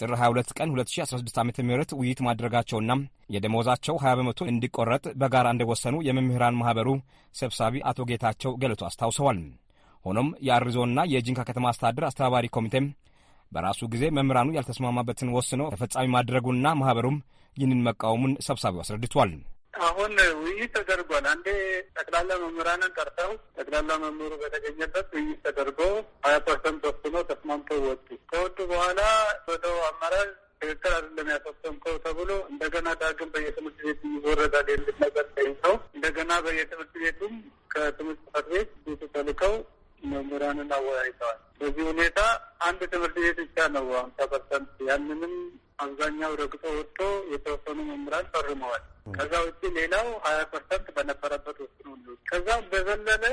ጥር 22 ቀን 2016 ዓ ም ውይይት ማድረጋቸውና የደሞዛቸው 20 በመቶ እንዲቆረጥ በጋራ እንደወሰኑ የመምህራን ማኅበሩ ሰብሳቢ አቶ ጌታቸው ገለቱ አስታውሰዋል። ሆኖም የአሪዞና የጂንካ ከተማ አስተዳደር አስተባባሪ ኮሚቴም በራሱ ጊዜ መምህራኑ ያልተስማማበትን ወስኖ ተፈጻሚ ማድረጉና ማኅበሩም ይህንን መቃወሙን ሰብሳቢው አስረድቷል። አሁን ውይይት ተደርጓል። አንዴ ጠቅላላ መምህራንን ጠርተው ጠቅላላ መምህሩ በተገኘበት ውይይት ተደርጎ ሀያ ፐርሰንት ወስኖ ተስማምተው ወጡ። ከወጡ በኋላ ወደው አመራር ትክክል አይደለም ያስወሰንከው ተብሎ እንደገና ዳግም በየትምህርት ቤት ይወረዳል የሚል ነገር ተይዘው እንደገና በየትምህርት ቤቱም ከትምህርት ጽሕፈት ቤት ቤቱ ተልከው መምህራንን አወያይተዋል። በዚህ ሁኔታ አንድ ትምህርት ቤት ብቻ ነው ሀምሳ ፐርሰንት ያንንም አብዛኛው ረግጦ ወጥቶ የተወሰኑ መምህራን ፈርመዋል። ከዛ ውጭ ሌላው ሀያ ፐርሰንት በነበረበት ውስጥ ነው ወስኖ ከዛም በዘለለ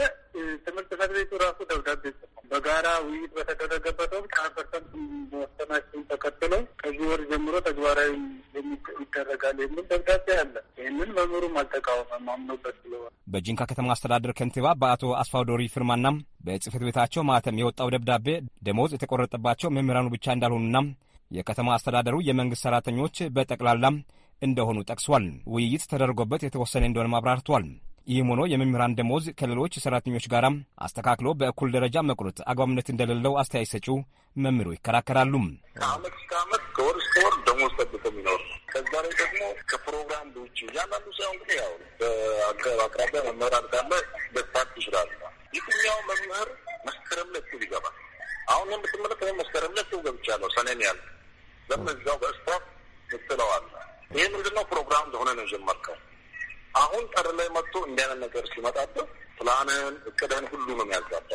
ትምህርት ጽሕፈት ቤቱ ራሱ ደብዳቤ በጋራ ውይይት በተደረገበት ወቅት ሀያ ፐርሰንት መወሰናቸውን ተከትሎ ከዚህ ወር ጀምሮ ተግባራዊ ይደረጋል የሚል ደብዳቤ አለ። ይህንን መምህሩም አልተቃወመም አምኖበት ስለሆነ። በጂንካ ከተማ አስተዳደር ከንቲባ በአቶ አስፋው ዶሪ ፊርማና በጽሕፈት ቤታቸው ማህተም የወጣው ደብዳቤ ደሞዝ የተቆረጠባቸው መምህራኑ ብቻ እንዳልሆኑና የከተማ አስተዳደሩ የመንግሥት ሠራተኞች በጠቅላላ እንደሆኑ ጠቅሷል። ውይይት ተደርጎበት የተወሰነ እንደሆነም አብራርቷል። ይህም ሆኖ የመምህራን ደሞዝ ከሌሎች ሠራተኞች ጋር አስተካክሎ በእኩል ደረጃ መቁረጥ አግባብነት እንደሌለው አስተያየት ሰጪው መምህሩ ይከራከራሉ። እስከ ከወር እስከ ወር ደሞዝ ጠብቆ የሚኖር ከዛ ላይ ደግሞ ከፕሮግራም ውጭ እያንዳንዱ ያው በአቅራቢያ መምህራን ካለ ይችላል። የትኛው መምህር መስከረም ይገባል። አሁን መስከረም ገብቻለሁ ሰኔን ያለ ለምን እዚያው በስፖርት ትጥለዋለ? ይህ ምንድነው ፕሮግራም እንደሆነ ነው የጀመርከው። አሁን ጠር ላይ መጥቶ እንዲያነት ነገር ሲመጣብህ ፕላንን እቅድህን ሁሉ ነው የሚያዛባ።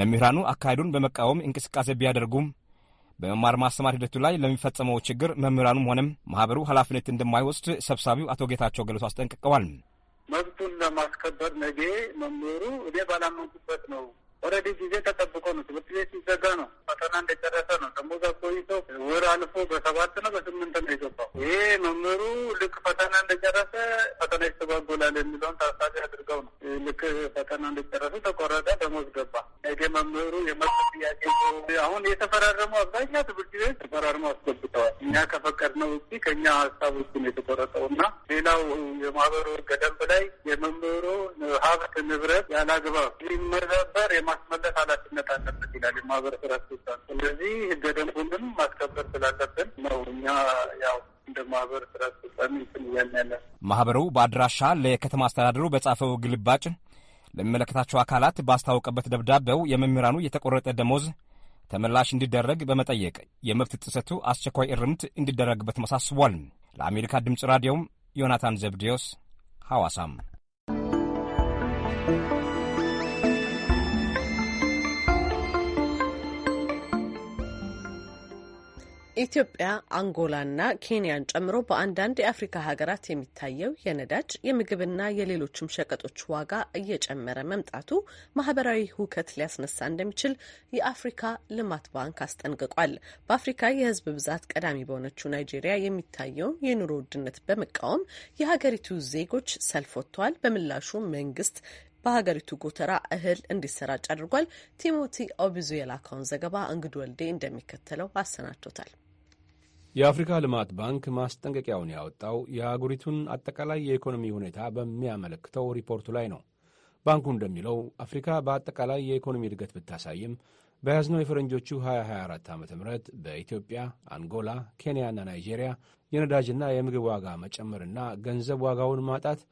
መምህራኑ አካሄዱን በመቃወም እንቅስቃሴ ቢያደርጉም በመማር ማስተማር ሂደቱ ላይ ለሚፈጸመው ችግር መምህራኑም ሆነም ማህበሩ ኃላፊነት እንደማይወስድ ሰብሳቢው አቶ ጌታቸው ገለቱ አስጠንቅቀዋል። መብቱን ለማስከበር ነገ መምህሩ እኔ ባላመንኩበት ነው ኦልሬዲ ጊዜ ተጠብቆ ነው ትምህርት ቤት ሲዘጋ ነው። ፈተና እንደጨረሰ ነው ደሞዝ አቆይቶ ወር አልፎ በሰባት ነው በስምንት ነው የገባው። ይሄ መምህሩ ልክ ፈተና እንደጨረሰ ፈተና ይስተጓጎላል የሚለውን ታሳቢ አድርገው ነው ልክ ፈተና እንደጨረሱ ተቆረጠ፣ ደሞዝ ገባ። ነገ መምህሩ የመርት ጥያቄ አሁን የተፈራረሙ አብዛኛው ትምህርት ቤት ተፈራርሞ አስገብተዋል። እኛ ከፈቀድነው ውጪ ከእኛ ሀሳብ ውጭ ነው የተቆረጠው እና ሌላው የማህበሩ ገደንብ ላይ የመምህሩ ሀብት ንብረት ያላግባብ ሊመዘበር ማስመለስ ኃላፊነት አለበት ይላል የማህበረሰብ አስቶቻል። ስለዚህ ህገ ደንቡንም ማስከበር ስላለብን ነው እኛ ያው እንደ ማህበር ስራ አስፈጻሚ እንትን እያልን ያለ ማህበሩ በአድራሻ ለከተማ አስተዳደሩ በጻፈው ግልባጭ ለሚመለከታቸው አካላት ባስታወቀበት ደብዳቤው የመምህራኑ የተቆረጠ ደሞዝ ተመላሽ እንዲደረግ በመጠየቅ የመብት ጥሰቱ አስቸኳይ እርምት እንዲደረግበት መሳስቧል። ለአሜሪካ ድምፅ ራዲዮም ዮናታን ዘብዲዮስ ሐዋሳም ኢትዮጵያ አንጎላና ኬንያን ጨምሮ በአንዳንድ የአፍሪካ ሀገራት የሚታየው የነዳጅ የምግብና የሌሎችም ሸቀጦች ዋጋ እየጨመረ መምጣቱ ማህበራዊ ሁከት ሊያስነሳ እንደሚችል የአፍሪካ ልማት ባንክ አስጠንቅቋል። በአፍሪካ የህዝብ ብዛት ቀዳሚ በሆነችው ናይጄሪያ የሚታየውን የኑሮ ውድነት በመቃወም የሀገሪቱ ዜጎች ሰልፍ ወጥተዋል። በምላሹ መንግስት በሀገሪቱ ጎተራ እህል እንዲሰራጭ አድርጓል። ቲሞቲ ኦቢዙ የላካውን ዘገባ እንግድ ወልዴ እንደሚከተለው አሰናድቶታል። የአፍሪካ ልማት ባንክ ማስጠንቀቂያውን ያወጣው የአጉሪቱን አጠቃላይ የኢኮኖሚ ሁኔታ በሚያመለክተው ሪፖርቱ ላይ ነው። ባንኩ እንደሚለው አፍሪካ በአጠቃላይ የኢኮኖሚ እድገት ብታሳይም በያዝነው የፈረንጆቹ 2024 ዓ ም በኢትዮጵያ፣ አንጎላ፣ ኬንያና ናይጄሪያ የነዳጅና የምግብ ዋጋ መጨመርና ገንዘብ ዋጋውን ማጣት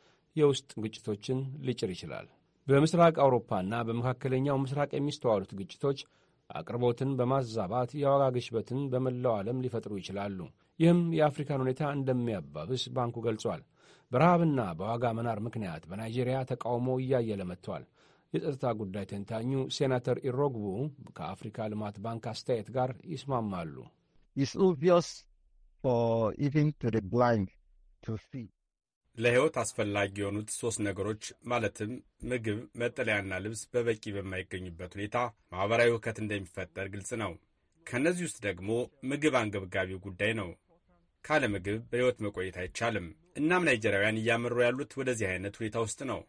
የውስጥ ግጭቶችን ሊጭር ይችላል። በምስራቅ አውሮፓና በመካከለኛው ምስራቅ የሚስተዋሉት ግጭቶች አቅርቦትን በማዛባት የዋጋ ግሽበትን በመላው ዓለም ሊፈጥሩ ይችላሉ። ይህም የአፍሪካን ሁኔታ እንደሚያባብስ ባንኩ ገልጿል። በረሃብና በዋጋ መናር ምክንያት በናይጄሪያ ተቃውሞ እያየለ መጥቷል። የጸጥታ ጉዳይ ተንታኙ ሴናተር ኢሮግቡ ከአፍሪካ ልማት ባንክ አስተያየት ጋር ይስማማሉ። ለሕይወት አስፈላጊ የሆኑት ሦስት ነገሮች ማለትም ምግብ፣ መጠለያና ልብስ በበቂ በማይገኙበት ሁኔታ ማኅበራዊ ውከት እንደሚፈጠር ግልጽ ነው። ከእነዚህ ውስጥ ደግሞ ምግብ አንገብጋቢው ጉዳይ ነው። ካለ ምግብ በሕይወት መቆየት አይቻልም። እናም ናይጄሪያውያን እያመሩ ያሉት ወደዚህ አይነት ሁኔታ ውስጥ ነው።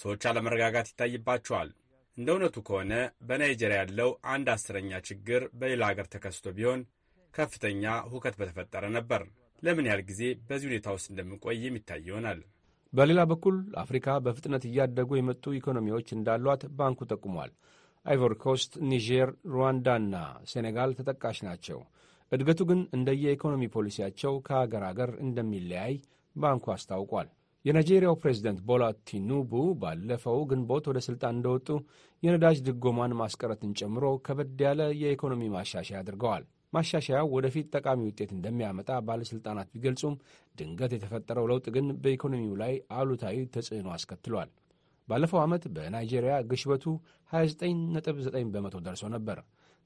ሰዎች አለመረጋጋት ይታይባቸዋል። እንደ እውነቱ ከሆነ በናይጄሪያ ያለው አንድ አስረኛ ችግር በሌላ አገር ተከስቶ ቢሆን ከፍተኛ ሁከት በተፈጠረ ነበር። ለምን ያህል ጊዜ በዚህ ሁኔታ ውስጥ እንደምንቆይ የሚታይ ይሆናል። በሌላ በኩል አፍሪካ በፍጥነት እያደጉ የመጡ ኢኮኖሚዎች እንዳሏት ባንኩ ጠቁሟል። አይቮርኮስት፣ ኒጀር፣ ሩዋንዳና ሴኔጋል ተጠቃሽ ናቸው። እድገቱ ግን እንደየኢኮኖሚ ፖሊሲያቸው ከአገር አገር እንደሚለያይ ባንኩ አስታውቋል። የናይጄሪያው ፕሬዚደንት ቦላ ቲኑቡ ባለፈው ግንቦት ወደ ሥልጣን እንደወጡ የነዳጅ ድጎማን ማስቀረትን ጨምሮ ከበድ ያለ የኢኮኖሚ ማሻሻያ አድርገዋል። ማሻሻያው ወደፊት ጠቃሚ ውጤት እንደሚያመጣ ባለሥልጣናት ቢገልጹም ድንገት የተፈጠረው ለውጥ ግን በኢኮኖሚው ላይ አሉታዊ ተጽዕኖ አስከትሏል። ባለፈው ዓመት በናይጄሪያ ግሽበቱ 29.9 በመቶ ደርሶ ነበር።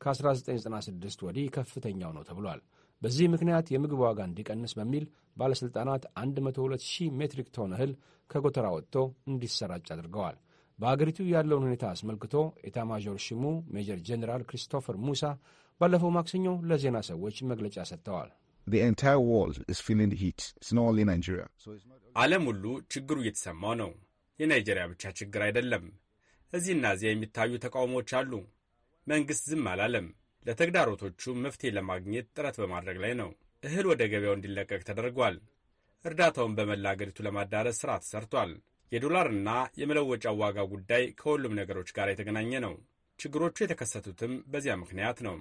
ከ1996 ወዲህ ከፍተኛው ነው ተብሏል። በዚህ ምክንያት የምግብ ዋጋ እንዲቀንስ በሚል ባለሥልጣናት 102,000 ሜትሪክ ቶን እህል ከጎተራ ወጥቶ እንዲሰራጭ አድርገዋል። በአገሪቱ ያለውን ሁኔታ አስመልክቶ ኤታማዦር ሽሙ ሜጀር ጄኔራል ክሪስቶፈር ሙሳ ባለፈው ማክሰኞ ለዜና ሰዎች መግለጫ ሰጥተዋል። ዓለም ሁሉ ችግሩ እየተሰማው ነው። የናይጄሪያ ብቻ ችግር አይደለም። እዚህና እዚያ የሚታዩ ተቃውሞዎች አሉ። መንግሥት ዝም አላለም። ለተግዳሮቶቹ መፍትሄ ለማግኘት ጥረት በማድረግ ላይ ነው። እህል ወደ ገበያው እንዲለቀቅ ተደርጓል። እርዳታውን በመላ አገሪቱ ለማዳረስ ሥራ ተሰርቷል። የዶላርና የመለወጫው ዋጋ ጉዳይ ከሁሉም ነገሮች ጋር የተገናኘ ነው። ችግሮቹ የተከሰቱትም በዚያ ምክንያት ነው።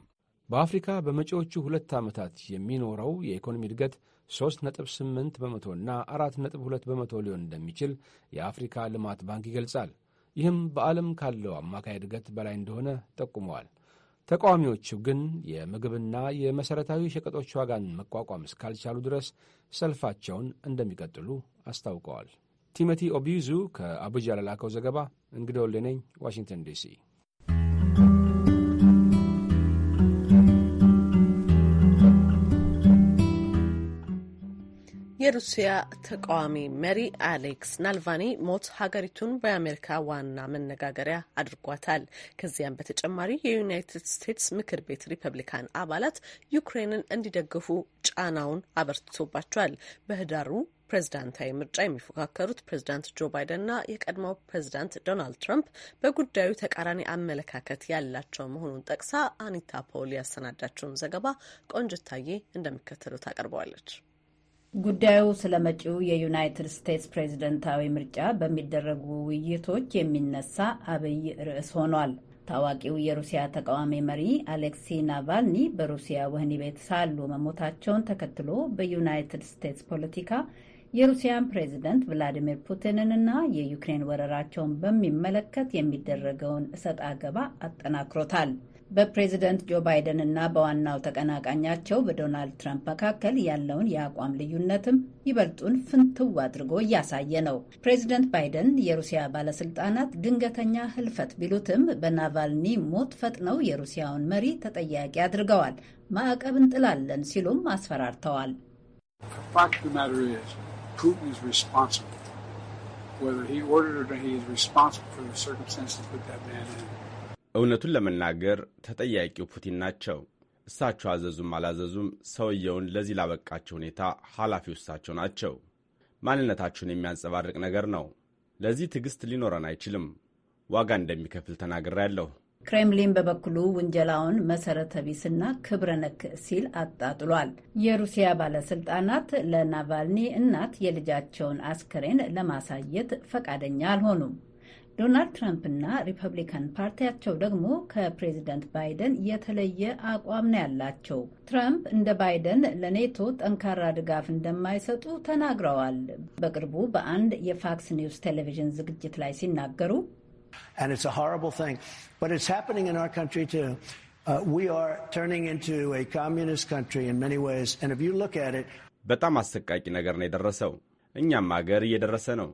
በአፍሪካ በመጪዎቹ ሁለት ዓመታት የሚኖረው የኢኮኖሚ እድገት 3.8 በመቶና 4.2 በመቶ ሊሆን እንደሚችል የአፍሪካ ልማት ባንክ ይገልጻል። ይህም በዓለም ካለው አማካይ እድገት በላይ እንደሆነ ጠቁመዋል። ተቃዋሚዎቹ ግን የምግብና የመሠረታዊ ሸቀጦች ዋጋን መቋቋም እስካልቻሉ ድረስ ሰልፋቸውን እንደሚቀጥሉ አስታውቀዋል። ቲሞቲ ኦቢዙ ከአቡጃ ለላከው ዘገባ እንግዲህ ወልደነኝ ዋሽንግተን ዲሲ የሩሲያ ተቃዋሚ መሪ አሌክስ ናልቫኒ ሞት ሀገሪቱን በአሜሪካ ዋና መነጋገሪያ አድርጓታል። ከዚያም በተጨማሪ የዩናይትድ ስቴትስ ምክር ቤት ሪፐብሊካን አባላት ዩክሬንን እንዲደግፉ ጫናውን አበርትቶባቸዋል። በህዳሩ ፕሬዝዳንታዊ ምርጫ የሚፎካከሩት ፕሬዝዳንት ጆ ባይደንና የቀድሞው ፕሬዝዳንት ዶናልድ ትራምፕ በጉዳዩ ተቃራኒ አመለካከት ያላቸው መሆኑን ጠቅሳ አኒታ ፖል ያሰናዳቸውን ዘገባ ቆንጅታዬ እንደሚከተሉት አቀርበዋለች። ጉዳዩ ስለ መጪው የዩናይትድ ስቴትስ ፕሬዝደንታዊ ምርጫ በሚደረጉ ውይይቶች የሚነሳ አብይ ርዕስ ሆኗል። ታዋቂው የሩሲያ ተቃዋሚ መሪ አሌክሲ ናቫልኒ በሩሲያ ወህኒ ቤት ሳሉ መሞታቸውን ተከትሎ በዩናይትድ ስቴትስ ፖለቲካ የሩሲያን ፕሬዝደንት ቭላዲሚር ፑቲንን እና የዩክሬን ወረራቸውን በሚመለከት የሚደረገውን እሰጥ አገባ አጠናክሮታል። በፕሬዝደንት ጆ ባይደን እና በዋናው ተቀናቃኛቸው በዶናልድ ትራምፕ መካከል ያለውን የአቋም ልዩነትም ይበልጡን ፍንትው አድርጎ እያሳየ ነው። ፕሬዝደንት ባይደን የሩሲያ ባለስልጣናት ድንገተኛ ህልፈት ቢሉትም በናቫልኒ ሞት ፈጥነው የሩሲያውን መሪ ተጠያቂ አድርገዋል። ማዕቀብ እንጥላለን ሲሉም አስፈራርተዋል። ፑቲን እውነቱን ለመናገር ተጠያቂው ፑቲን ናቸው። እሳቸው አዘዙም አላዘዙም ሰውየውን ለዚህ ላበቃቸው ሁኔታ ኃላፊው እሳቸው ናቸው። ማንነታችሁን የሚያንጸባርቅ ነገር ነው። ለዚህ ትዕግሥት ሊኖረን አይችልም። ዋጋ እንደሚከፍል ተናግሬያለሁ። ክሬምሊን በበኩሉ ውንጀላውን መሰረተ ቢስና ክብረ ነክ ሲል አጣጥሏል። የሩሲያ ባለስልጣናት ለናቫልኒ እናት የልጃቸውን አስክሬን ለማሳየት ፈቃደኛ አልሆኑም። ዶናልድ ትራምፕና ሪፐብሊካን ፓርቲያቸው ደግሞ ከፕሬዚደንት ባይደን የተለየ አቋም ነው ያላቸው። ትራምፕ እንደ ባይደን ለኔቶ ጠንካራ ድጋፍ እንደማይሰጡ ተናግረዋል። በቅርቡ በአንድ የፋክስ ኒውስ ቴሌቪዥን ዝግጅት ላይ ሲናገሩ uh, በጣም አሰቃቂ ነገር ነው የደረሰው። እኛም አገር እየደረሰ ነው።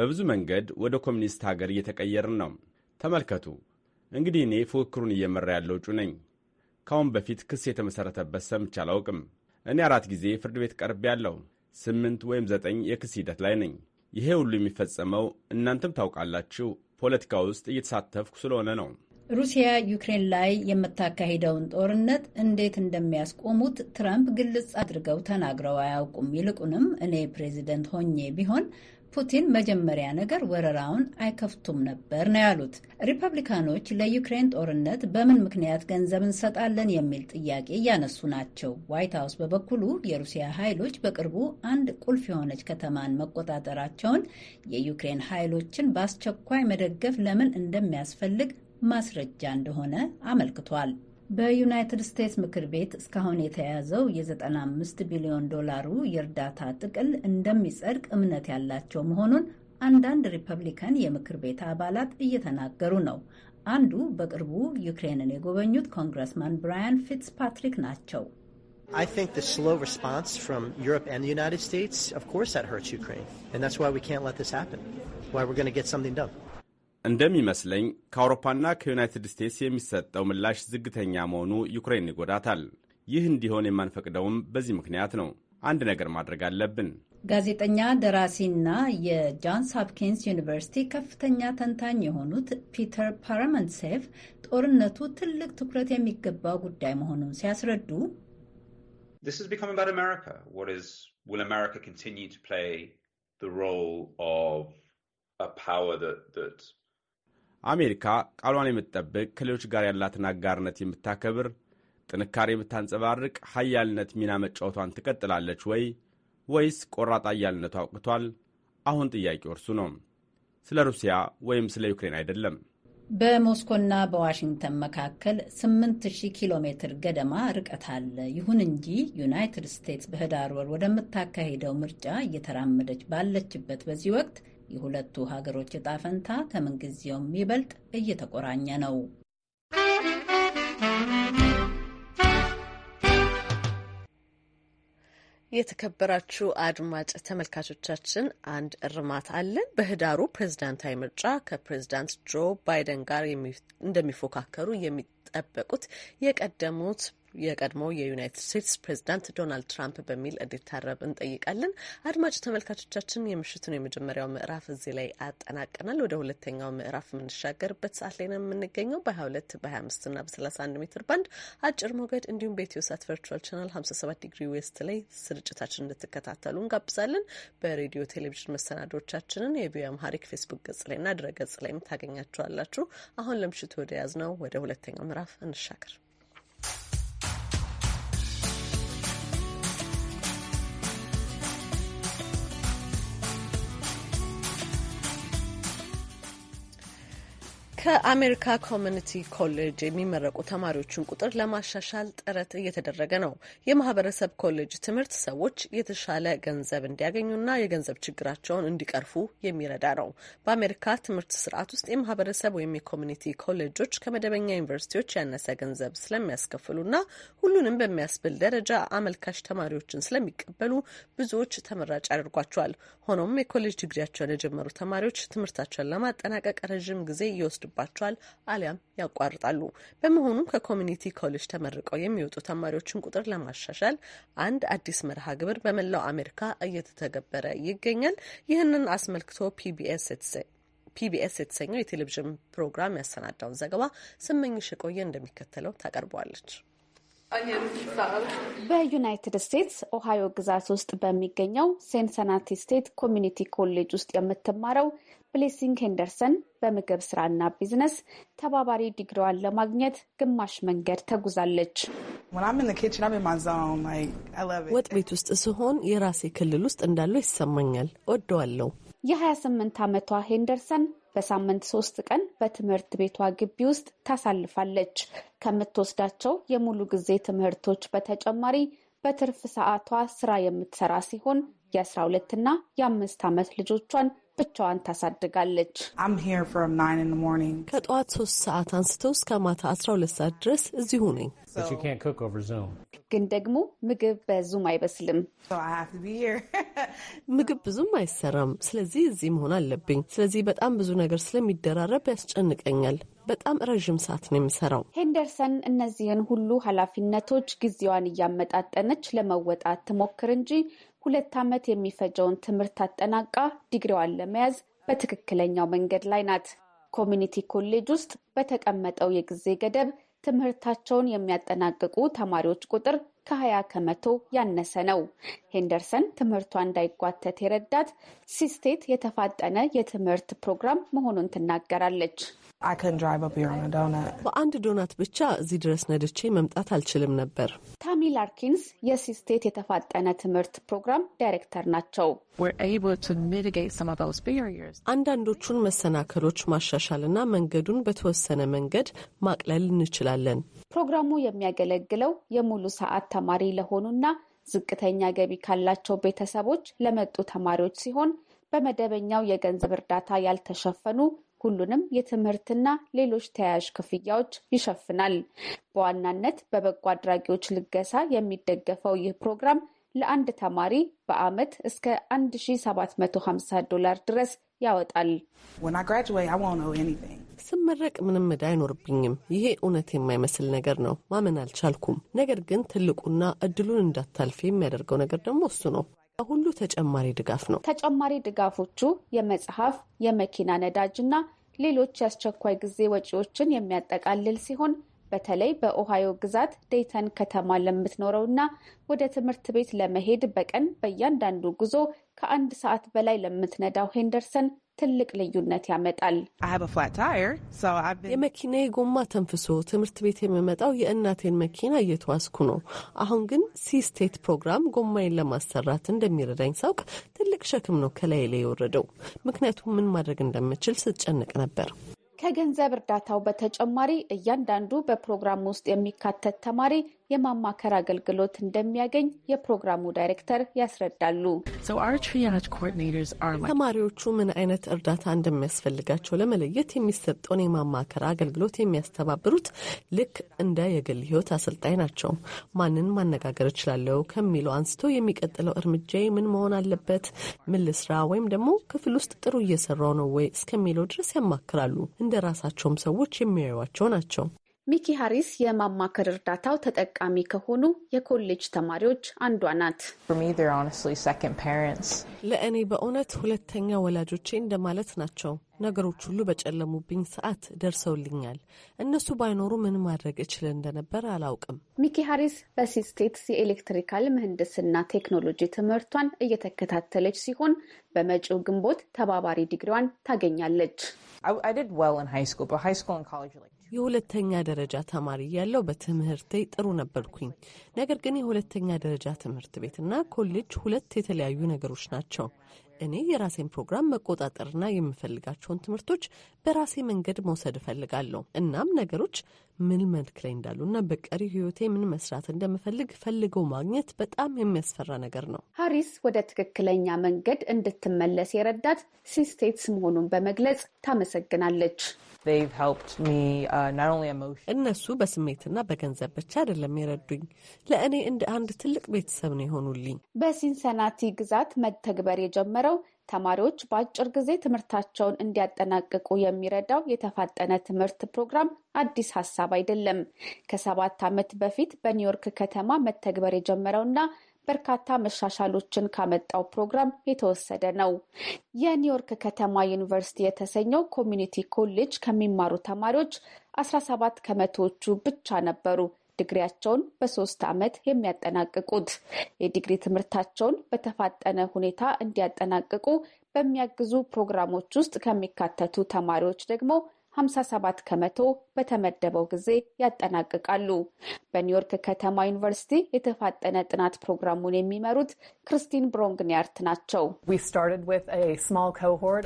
በብዙ መንገድ ወደ ኮሚኒስት ሀገር እየተቀየርን ነው። ተመልከቱ እንግዲህ እኔ ፉክክሩን እየመራ ያለው እጩ ነኝ። ካሁን በፊት ክስ የተመሠረተበት ሰምቼ አላውቅም። እኔ አራት ጊዜ ፍርድ ቤት ቀርብ ያለው ስምንት ወይም ዘጠኝ የክስ ሂደት ላይ ነኝ። ይሄ ሁሉ የሚፈጸመው እናንተም ታውቃላችሁ ፖለቲካ ውስጥ እየተሳተፍኩ ስለሆነ ነው። ሩሲያ ዩክሬን ላይ የምታካሂደውን ጦርነት እንዴት እንደሚያስቆሙት ትራምፕ ግልጽ አድርገው ተናግረው አያውቁም። ይልቁንም እኔ ፕሬዚደንት ሆኜ ቢሆን ፑቲን መጀመሪያ ነገር ወረራውን አይከፍቱም ነበር ነው ያሉት። ሪፐብሊካኖች ለዩክሬን ጦርነት በምን ምክንያት ገንዘብ እንሰጣለን የሚል ጥያቄ እያነሱ ናቸው። ዋይት ሀውስ በበኩሉ የሩሲያ ኃይሎች በቅርቡ አንድ ቁልፍ የሆነች ከተማን መቆጣጠራቸውን፣ የዩክሬን ኃይሎችን በአስቸኳይ መደገፍ ለምን እንደሚያስፈልግ ማስረጃ እንደሆነ አመልክቷል። በዩናይትድ ስቴትስ ምክር ቤት እስካሁን የተያዘው የ95 ቢሊዮን ዶላሩ የእርዳታ ጥቅል እንደሚጸድቅ እምነት ያላቸው መሆኑን አንዳንድ ሪፐብሊካን የምክር ቤት አባላት እየተናገሩ ነው። አንዱ በቅርቡ ዩክሬንን የጎበኙት ኮንግረስማን ብራያን ፊትስ ፓትሪክ ናቸው። እንደሚመስለኝ ከአውሮፓና ከዩናይትድ ስቴትስ የሚሰጠው ምላሽ ዝግተኛ መሆኑ ዩክሬን ይጎዳታል። ይህ እንዲሆን የማንፈቅደውም በዚህ ምክንያት ነው። አንድ ነገር ማድረግ አለብን። ጋዜጠኛ ደራሲና የጃንስ ሆፕኪንስ ዩኒቨርሲቲ ከፍተኛ ተንታኝ የሆኑት ፒተር ፓረመንሴቭ ጦርነቱ ትልቅ ትኩረት የሚገባው ጉዳይ መሆኑን ሲያስረዱ አሜሪካ ቃሏን የምትጠብቅ ከሌሎች ጋር ያላትን አጋርነት የምታከብር ጥንካሬ የምታንጸባርቅ ሀያልነት ሚና መጫወቷን ትቀጥላለች ወይ ወይስ ቆራጣ አያልነቱ አውቅቷል? አሁን ጥያቄው እርሱ ነው። ስለ ሩሲያ ወይም ስለ ዩክሬን አይደለም። በሞስኮና በዋሽንግተን መካከል 8000 ኪሎ ሜትር ገደማ ርቀት አለ። ይሁን እንጂ ዩናይትድ ስቴትስ በህዳር ወር ወደምታካሄደው ምርጫ እየተራመደች ባለችበት በዚህ ወቅት የሁለቱ ሀገሮች ዕጣ ፈንታ ከምንጊዜው የሚበልጥ እየተቆራኘ ነው። የተከበራችሁ አድማጭ ተመልካቾቻችን አንድ እርማት አለን። በህዳሩ ፕሬዝዳንታዊ ምርጫ ከፕሬዝዳንት ጆ ባይደን ጋር እንደሚፎካከሩ የሚጠበቁት የቀደሙት የቀድሞ የዩናይትድ ስቴትስ ፕሬዚዳንት ዶናልድ ትራምፕ በሚል እንዲታረብ እንጠይቃለን። አድማጭ ተመልካቾቻችን የምሽቱን የመጀመሪያው ምዕራፍ እዚህ ላይ አጠናቀናል። ወደ ሁለተኛው ምዕራፍ የምንሻገርበት ሰዓት ላይ ነው የምንገኘው። በ22 በ25 እና በ31 ሜትር ባንድ አጭር ሞገድ እንዲሁም በኢትዮ ሳት ቨርቹዋል ቻናል 57 ዲግሪ ዌስት ላይ ስርጭታችን እንድትከታተሉ እንጋብዛለን። በሬዲዮ ቴሌቪዥን መሰናዶቻችንን የቪ አምሃሪክ ፌስቡክ ገጽ ላይ እና ድረ ገጽ ላይም ታገኛችኋላችሁ። አሁን ለምሽቱ ወደ ያዝ ነው ወደ ሁለተኛው ምዕራፍ እንሻገር። ከአሜሪካ ኮሚኒቲ ኮሌጅ የሚመረቁ ተማሪዎችን ቁጥር ለማሻሻል ጥረት እየተደረገ ነው። የማህበረሰብ ኮሌጅ ትምህርት ሰዎች የተሻለ ገንዘብ እንዲያገኙና የገንዘብ ችግራቸውን እንዲቀርፉ የሚረዳ ነው። በአሜሪካ ትምህርት ስርዓት ውስጥ የማህበረሰብ ወይም የኮሚኒቲ ኮሌጆች ከመደበኛ ዩኒቨርሲቲዎች ያነሰ ገንዘብ ስለሚያስከፍሉና ሁሉንም በሚያስብል ደረጃ አመልካች ተማሪዎችን ስለሚቀበሉ ብዙዎች ተመራጭ አድርጓቸዋል። ሆኖም የኮሌጅ ዲግሪያቸውን የጀመሩ ተማሪዎች ትምህርታቸውን ለማጠናቀቅ ረዥም ጊዜ ይወስድ ይደርስባቸዋል አሊያም ያቋርጣሉ። በመሆኑም ከኮሚኒቲ ኮሌጅ ተመርቀው የሚወጡ ተማሪዎችን ቁጥር ለማሻሻል አንድ አዲስ መርሃ ግብር በመላው አሜሪካ እየተተገበረ ይገኛል። ይህንን አስመልክቶ ፒቢኤስ ፒቢኤስ የተሰኘው የቴሌቪዥን ፕሮግራም ያሰናዳውን ዘገባ ስመኝሽ የቆየ እንደሚከተለው ታቀርበዋለች። በዩናይትድ ስቴትስ ኦሃዮ ግዛት ውስጥ በሚገኘው ሴንሰናቲ ስቴት ኮሚኒቲ ኮሌጅ ውስጥ የምትማረው ብሌሲንግ ሄንደርሰን በምግብ ስራና ቢዝነስ ተባባሪ ዲግሪዋን ለማግኘት ግማሽ መንገድ ተጉዛለች። ወጥ ቤት ውስጥ ስሆን የራሴ ክልል ውስጥ እንዳለው ይሰማኛል። ወደዋለው የ28 ዓመቷ ሄንደርሰን በሳምንት ሶስት ቀን በትምህርት ቤቷ ግቢ ውስጥ ታሳልፋለች። ከምትወስዳቸው የሙሉ ጊዜ ትምህርቶች በተጨማሪ በትርፍ ሰዓቷ ስራ የምትሰራ ሲሆን የ12 እና የአምስት ዓመት ልጆቿን ብቻዋን ታሳድጋለች። ከጠዋት ሶስት ሰዓት አንስተው እስከ ማታ 12 ሰዓት ድረስ እዚሁ ነኝ። ግን ደግሞ ምግብ በዙም አይበስልም። ምግብ ብዙም አይሰራም። ስለዚህ እዚህ መሆን አለብኝ። ስለዚህ በጣም ብዙ ነገር ስለሚደራረብ ያስጨንቀኛል። በጣም ረዥም ሰዓት ነው የምሰራው። ሄንደርሰን እነዚህን ሁሉ ኃላፊነቶች ጊዜዋን እያመጣጠነች ለመወጣት ትሞክር እንጂ ሁለት ዓመት የሚፈጀውን ትምህርት አጠናቃ ዲግሪዋን ለመያዝ በትክክለኛው መንገድ ላይ ናት። ኮሚኒቲ ኮሌጅ ውስጥ በተቀመጠው የጊዜ ገደብ ትምህርታቸውን የሚያጠናቅቁ ተማሪዎች ቁጥር ከ20 ከመቶ ያነሰ ነው። ሄንደርሰን ትምህርቷ እንዳይጓተት የረዳት ሲስቴት የተፋጠነ የትምህርት ፕሮግራም መሆኑን ትናገራለች። በአንድ ዶናት ብቻ እዚህ ድረስ ነድቼ መምጣት አልችልም ነበር። ታሚ ላርኪንስ የሲስቴት የተፋጠነ ትምህርት ፕሮግራም ዳይሬክተር ናቸው። አንዳንዶቹን መሰናከሎች ማሻሻልና መንገዱን በተወሰነ መንገድ ማቅለል እንችላለን። ፕሮግራሙ የሚያገለግለው የሙሉ ሰዓት ተማሪ ለሆኑና ዝቅተኛ ገቢ ካላቸው ቤተሰቦች ለመጡ ተማሪዎች ሲሆን በመደበኛው የገንዘብ እርዳታ ያልተሸፈኑ ሁሉንም የትምህርትና ሌሎች ተያያዥ ክፍያዎች ይሸፍናል። በዋናነት በበጎ አድራጊዎች ልገሳ የሚደገፈው ይህ ፕሮግራም ለአንድ ተማሪ በዓመት እስከ 1750 ዶላር ድረስ ያወጣል። ስመረቅ ምንም ዕዳ አይኖርብኝም። ይሄ እውነት የማይመስል ነገር ነው። ማመን አልቻልኩም። ነገር ግን ትልቁና እድሉን እንዳታልፍ የሚያደርገው ነገር ደግሞ እሱ ነው። ሁሉ ተጨማሪ ድጋፍ ነው። ተጨማሪ ድጋፎቹ የመጽሐፍ፣ የመኪና ነዳጅ እና ሌሎች የአስቸኳይ ጊዜ ወጪዎችን የሚያጠቃልል ሲሆን በተለይ በኦሃዮ ግዛት ዴይተን ከተማ ለምትኖረው እና ወደ ትምህርት ቤት ለመሄድ በቀን በእያንዳንዱ ጉዞ ከአንድ ሰዓት በላይ ለምትነዳው ሄንደርሰን ትልቅ ልዩነት ያመጣል። የመኪናዬ ጎማ ተንፍሶ ትምህርት ቤት የምመጣው የእናቴን መኪና እየተዋስኩ ነው። አሁን ግን ሲስቴት ፕሮግራም ጎማዬን ለማሰራት እንደሚረዳኝ ሳውቅ ትልቅ ሸክም ነው ከላይ ላይ የወረደው። ምክንያቱም ምን ማድረግ እንደምችል ስጨነቅ ነበር። ከገንዘብ እርዳታው በተጨማሪ እያንዳንዱ በፕሮግራም ውስጥ የሚካተት ተማሪ የማማከር አገልግሎት እንደሚያገኝ የፕሮግራሙ ዳይሬክተር ያስረዳሉ። ተማሪዎቹ ምን አይነት እርዳታ እንደሚያስፈልጋቸው ለመለየት የሚሰጠውን የማማከር አገልግሎት የሚያስተባብሩት ልክ እንደ የግል ሕይወት አሰልጣኝ ናቸው። ማንን ማነጋገር እችላለሁ ከሚለው አንስቶ የሚቀጥለው እርምጃ ምን መሆን አለበት፣ ምን ልስራ፣ ወይም ደግሞ ክፍል ውስጥ ጥሩ እየሰራው ነው ወይ እስከሚለው ድረስ ያማክራሉ። እንደ ራሳቸውም ሰዎች የሚያዩዋቸው ናቸው። ሚኪ ሀሪስ የማማከር እርዳታው ተጠቃሚ ከሆኑ የኮሌጅ ተማሪዎች አንዷ ናት። ለእኔ በእውነት ሁለተኛ ወላጆቼ እንደማለት ናቸው። ነገሮች ሁሉ በጨለሙብኝ ሰዓት ደርሰውልኛል። እነሱ ባይኖሩ ምን ማድረግ እችል እንደነበር አላውቅም። ሚኪ ሀሪስ በሲ ስቴትስ የኤሌክትሪካል ምህንድስና ቴክኖሎጂ ትምህርቷን እየተከታተለች ሲሆን በመጪው ግንቦት ተባባሪ ዲግሪዋን ታገኛለች። የሁለተኛ ደረጃ ተማሪ ያለው በትምህርቴ ጥሩ ነበርኩኝ። ነገር ግን የሁለተኛ ደረጃ ትምህርት ቤትና ኮሌጅ ሁለት የተለያዩ ነገሮች ናቸው። እኔ የራሴን ፕሮግራም መቆጣጠርና የምፈልጋቸውን ትምህርቶች በራሴ መንገድ መውሰድ እፈልጋለሁ። እናም ነገሮች ምን መልክ ላይ እንዳሉና በቀሪ ህይወቴ ምን መስራት እንደምፈልግ ፈልገው ማግኘት በጣም የሚያስፈራ ነገር ነው። ሀሪስ ወደ ትክክለኛ መንገድ እንድትመለስ የረዳት ሲስቴትስ መሆኑን በመግለጽ ታመሰግናለች። Uh, እነሱ በስሜትና በገንዘብ ብቻ አይደለም የረዱኝ፣ ለእኔ እንደ አንድ ትልቅ ቤተሰብ ነው የሆኑልኝ። በሲንሰናቲ ግዛት መተግበር የጀመረው ተማሪዎች በአጭር ጊዜ ትምህርታቸውን እንዲያጠናቅቁ የሚረዳው የተፋጠነ ትምህርት ፕሮግራም አዲስ ሀሳብ አይደለም። ከሰባት ዓመት በፊት በኒውዮርክ ከተማ መተግበር የጀመረውና በርካታ መሻሻሎችን ካመጣው ፕሮግራም የተወሰደ ነው። የኒውዮርክ ከተማ ዩኒቨርሲቲ የተሰኘው ኮሚኒቲ ኮሌጅ ከሚማሩ ተማሪዎች 17 ከመቶዎቹ ብቻ ነበሩ ዲግሪያቸውን በሶስት ዓመት የሚያጠናቅቁት የዲግሪ ትምህርታቸውን በተፋጠነ ሁኔታ እንዲያጠናቅቁ በሚያግዙ ፕሮግራሞች ውስጥ ከሚካተቱ ተማሪዎች ደግሞ 57 ከመቶ በተመደበው ጊዜ ያጠናቅቃሉ። በኒውዮርክ ከተማ ዩኒቨርሲቲ የተፋጠነ ጥናት ፕሮግራሙን የሚመሩት ክርስቲን ብሮንግኒያርት ናቸው።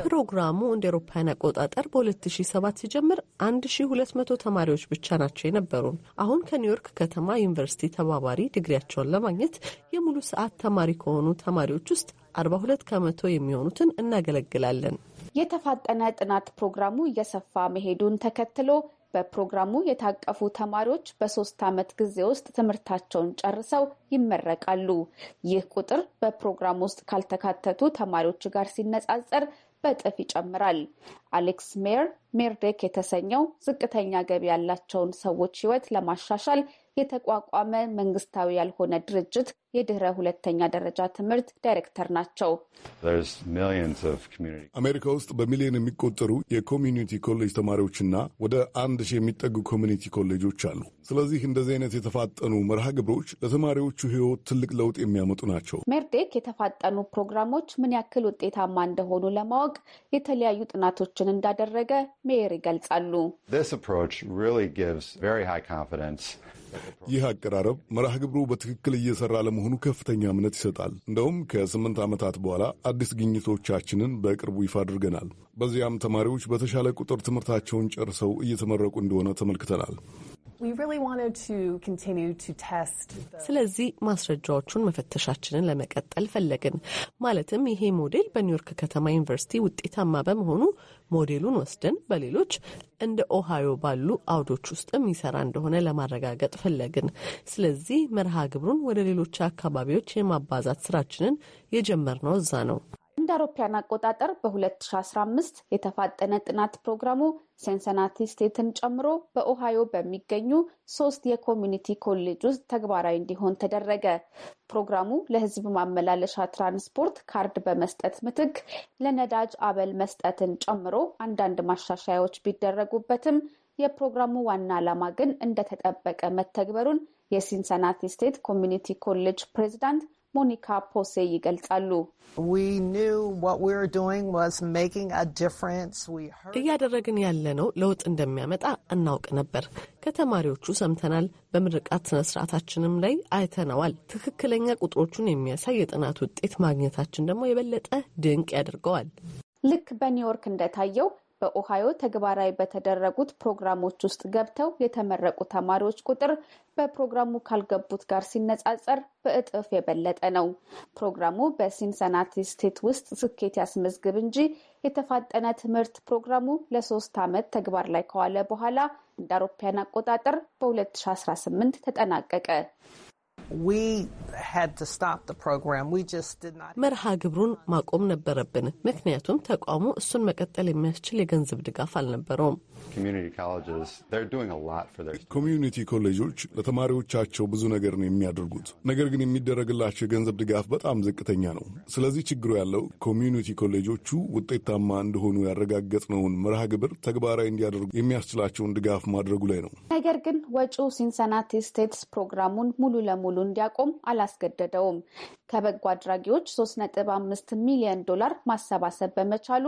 ፕሮግራሙ እንደ አውሮፓውያን አቆጣጠር በ2007 ሲጀምር 1200 ተማሪዎች ብቻ ናቸው የነበሩን። አሁን ከኒውዮርክ ከተማ ዩኒቨርሲቲ ተባባሪ ዲግሪያቸውን ለማግኘት የሙሉ ሰዓት ተማሪ ከሆኑ ተማሪዎች ውስጥ 42 ከመቶ የሚሆኑትን እናገለግላለን። የተፋጠነ ጥናት ፕሮግራሙ እየሰፋ መሄዱን ተከትሎ በፕሮግራሙ የታቀፉ ተማሪዎች በሶስት ዓመት ጊዜ ውስጥ ትምህርታቸውን ጨርሰው ይመረቃሉ። ይህ ቁጥር በፕሮግራም ውስጥ ካልተካተቱ ተማሪዎች ጋር ሲነጻጸር በእጥፍ ይጨምራል። አሌክስ ሜር ሜርዴክ የተሰኘው ዝቅተኛ ገቢ ያላቸውን ሰዎች ሕይወት ለማሻሻል የተቋቋመ መንግስታዊ ያልሆነ ድርጅት የድህረ ሁለተኛ ደረጃ ትምህርት ዳይሬክተር ናቸው። አሜሪካ ውስጥ በሚሊዮን የሚቆጠሩ የኮሚዩኒቲ ኮሌጅ ተማሪዎችና ወደ አንድ ሺህ የሚጠጉ ኮሚኒቲ ኮሌጆች አሉ። ስለዚህ እንደዚህ አይነት የተፋጠኑ መርሃ ግብሮች ለተማሪዎቹ ህይወት ትልቅ ለውጥ የሚያመጡ ናቸው። ሜርዴክ የተፋጠኑ ፕሮግራሞች ምን ያክል ውጤታማ እንደሆኑ ለማወቅ የተለያዩ ጥናቶችን እንዳደረገ ሜየር ይገልጻሉ። ይህ አቀራረብ መርሃ ግብሩ በትክክል እየሰራ ለመሆኑ ከፍተኛ እምነት ይሰጣል። እንደውም ከስምንት ዓመታት በኋላ አዲስ ግኝቶቻችንን በቅርቡ ይፋ አድርገናል። በዚያም ተማሪዎች በተሻለ ቁጥር ትምህርታቸውን ጨርሰው እየተመረቁ እንደሆነ ተመልክተናል። ስለዚህ ማስረጃዎቹን መፈተሻችንን ለመቀጠል ፈለግን። ማለትም ይሄ ሞዴል በኒውዮርክ ከተማ ዩኒቨርሲቲ ውጤታማ በመሆኑ ሞዴሉን ወስደን በሌሎች እንደ ኦሃዮ ባሉ አውዶች ውስጥ የሚሰራ እንደሆነ ለማረጋገጥ ፈለግን። ስለዚህ መርሃ ግብሩን ወደ ሌሎች አካባቢዎች የማባዛት ስራችንን የጀመርነው እዛ ነው። እንደ አውሮፓያን አቆጣጠር በ2015 የተፋጠነ ጥናት ፕሮግራሙ ሴንሰናቲ ስቴትን ጨምሮ በኦሃዮ በሚገኙ ሶስት የኮሚኒቲ ኮሌጅ ውስጥ ተግባራዊ እንዲሆን ተደረገ። ፕሮግራሙ ለሕዝብ ማመላለሻ ትራንስፖርት ካርድ በመስጠት ምትክ ለነዳጅ አበል መስጠትን ጨምሮ አንዳንድ ማሻሻያዎች ቢደረጉበትም የፕሮግራሙ ዋና ዓላማ ግን እንደተጠበቀ መተግበሩን የሲንሰናቲ ስቴት ኮሚኒቲ ኮሌጅ ፕሬዚዳንት ሞኒካ ፖሴ ይገልጻሉ። እያደረግን ያለነው ለውጥ እንደሚያመጣ እናውቅ ነበር። ከተማሪዎቹ ሰምተናል። በምርቃት ስነ ስርዓታችንም ላይ አይተነዋል። ትክክለኛ ቁጥሮቹን የሚያሳይ የጥናት ውጤት ማግኘታችን ደግሞ የበለጠ ድንቅ ያደርገዋል። ልክ በኒውዮርክ እንደታየው በኦሃዮ ተግባራዊ በተደረጉት ፕሮግራሞች ውስጥ ገብተው የተመረቁ ተማሪዎች ቁጥር በፕሮግራሙ ካልገቡት ጋር ሲነጻጸር በእጥፍ የበለጠ ነው። ፕሮግራሙ በሲንሰናቲ ስቴት ውስጥ ስኬት ያስመዝግብ እንጂ የተፋጠነ ትምህርት ፕሮግራሙ ለሶስት ዓመት ተግባር ላይ ከዋለ በኋላ እንደ አውሮፓያን አቆጣጠር በ2018 ተጠናቀቀ። መርሃ ግብሩን ማቆም ነበረብን፣ ምክንያቱም ተቋሙ እሱን መቀጠል የሚያስችል የገንዘብ ድጋፍ አልነበረውም። ኮሚዩኒቲ ኮሌጆች ለተማሪዎቻቸው ብዙ ነገር ነው የሚያደርጉት፣ ነገር ግን የሚደረግላቸው የገንዘብ ድጋፍ በጣም ዝቅተኛ ነው። ስለዚህ ችግሩ ያለው ኮሚዩኒቲ ኮሌጆቹ ውጤታማ እንደሆኑ ያረጋገጥነውን መርሃ ግብር ተግባራዊ እንዲያደርጉ የሚያስችላቸውን ድጋፍ ማድረጉ ላይ ነው። ነገር ግን ወጪው ሲንሰናቲ ስቴትስ ፕሮግራሙን ሙሉ ለሙሉ እንዲያቆም አላስገደደውም። ከበጎ አድራጊዎች 3.5 ሚሊዮን ዶላር ማሰባሰብ በመቻሉ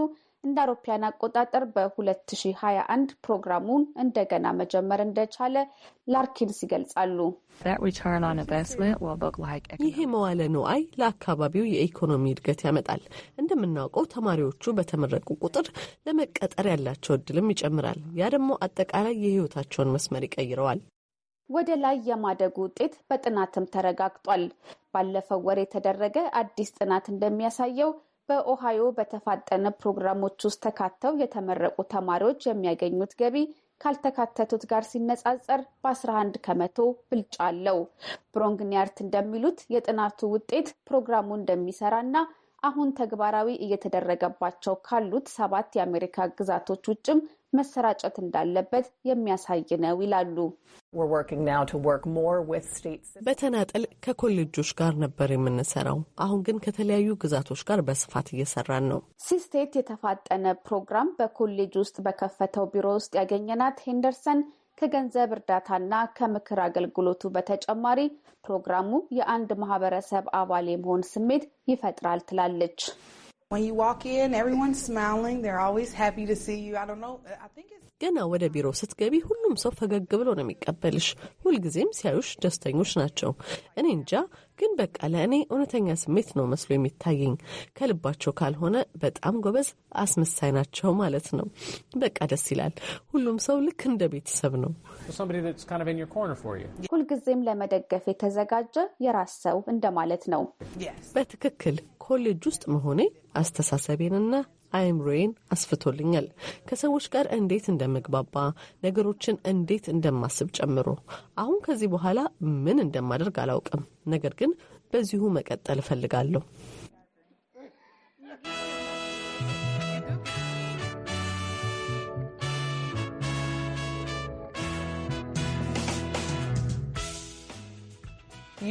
እንደ አውሮፓያን አቆጣጠር በ2021 ፕሮግራሙን እንደገና መጀመር እንደቻለ ላርኪንስ ይገልጻሉ። ይሄ መዋለ ንዋይ ለአካባቢው የኢኮኖሚ እድገት ያመጣል። እንደምናውቀው ተማሪዎቹ በተመረቁ ቁጥር ለመቀጠር ያላቸው እድልም ይጨምራል። ያ ደግሞ አጠቃላይ የህይወታቸውን መስመር ይቀይረዋል። ወደ ላይ የማደጉ ውጤት በጥናትም ተረጋግጧል። ባለፈው ወር የተደረገ አዲስ ጥናት እንደሚያሳየው በኦሃዮ በተፋጠነ ፕሮግራሞች ውስጥ ተካተው የተመረቁ ተማሪዎች የሚያገኙት ገቢ ካልተካተቱት ጋር ሲነጻጸር በ11 ከመቶ ብልጫ አለው። ብሮንግኒያርት እንደሚሉት የጥናቱ ውጤት ፕሮግራሙ እንደሚሰራና አሁን ተግባራዊ እየተደረገባቸው ካሉት ሰባት የአሜሪካ ግዛቶች ውጭም መሰራጨት እንዳለበት የሚያሳይ ነው ይላሉ። በተናጠል ከኮሌጆች ጋር ነበር የምንሰራው። አሁን ግን ከተለያዩ ግዛቶች ጋር በስፋት እየሰራን ነው። ሲስቴት የተፋጠነ ፕሮግራም በኮሌጅ ውስጥ በከፈተው ቢሮ ውስጥ ያገኘናት ሄንደርሰን ከገንዘብ እርዳታና ከምክር አገልግሎቱ በተጨማሪ ፕሮግራሙ የአንድ ማህበረሰብ አባል የመሆን ስሜት ይፈጥራል ትላለች። ገና ወደ ቢሮ ስትገቢ ሁሉም ሰው ፈገግ ብሎ ነው የሚቀበልሽ። ሁልጊዜም ሲያዩሽ ደስተኞች ናቸው። እኔ እንጃ ግን በቃ ለእኔ እውነተኛ ስሜት ነው መስሎ የሚታየኝ። ከልባቸው ካልሆነ በጣም ጎበዝ አስመሳይ ናቸው ማለት ነው። በቃ ደስ ይላል። ሁሉም ሰው ልክ እንደ ቤተሰብ ነው። ሁልጊዜም ለመደገፍ የተዘጋጀ የራስ ሰው እንደማለት ነው። በትክክል ኮሌጅ ውስጥ መሆኔ አስተሳሰቤንና አይምሮዬን አስፍቶልኛል። ከሰዎች ጋር እንዴት እንደምግባባ፣ ነገሮችን እንዴት እንደማስብ ጨምሮ። አሁን ከዚህ በኋላ ምን እንደማደርግ አላውቅም፣ ነገር ግን በዚሁ መቀጠል እፈልጋለሁ።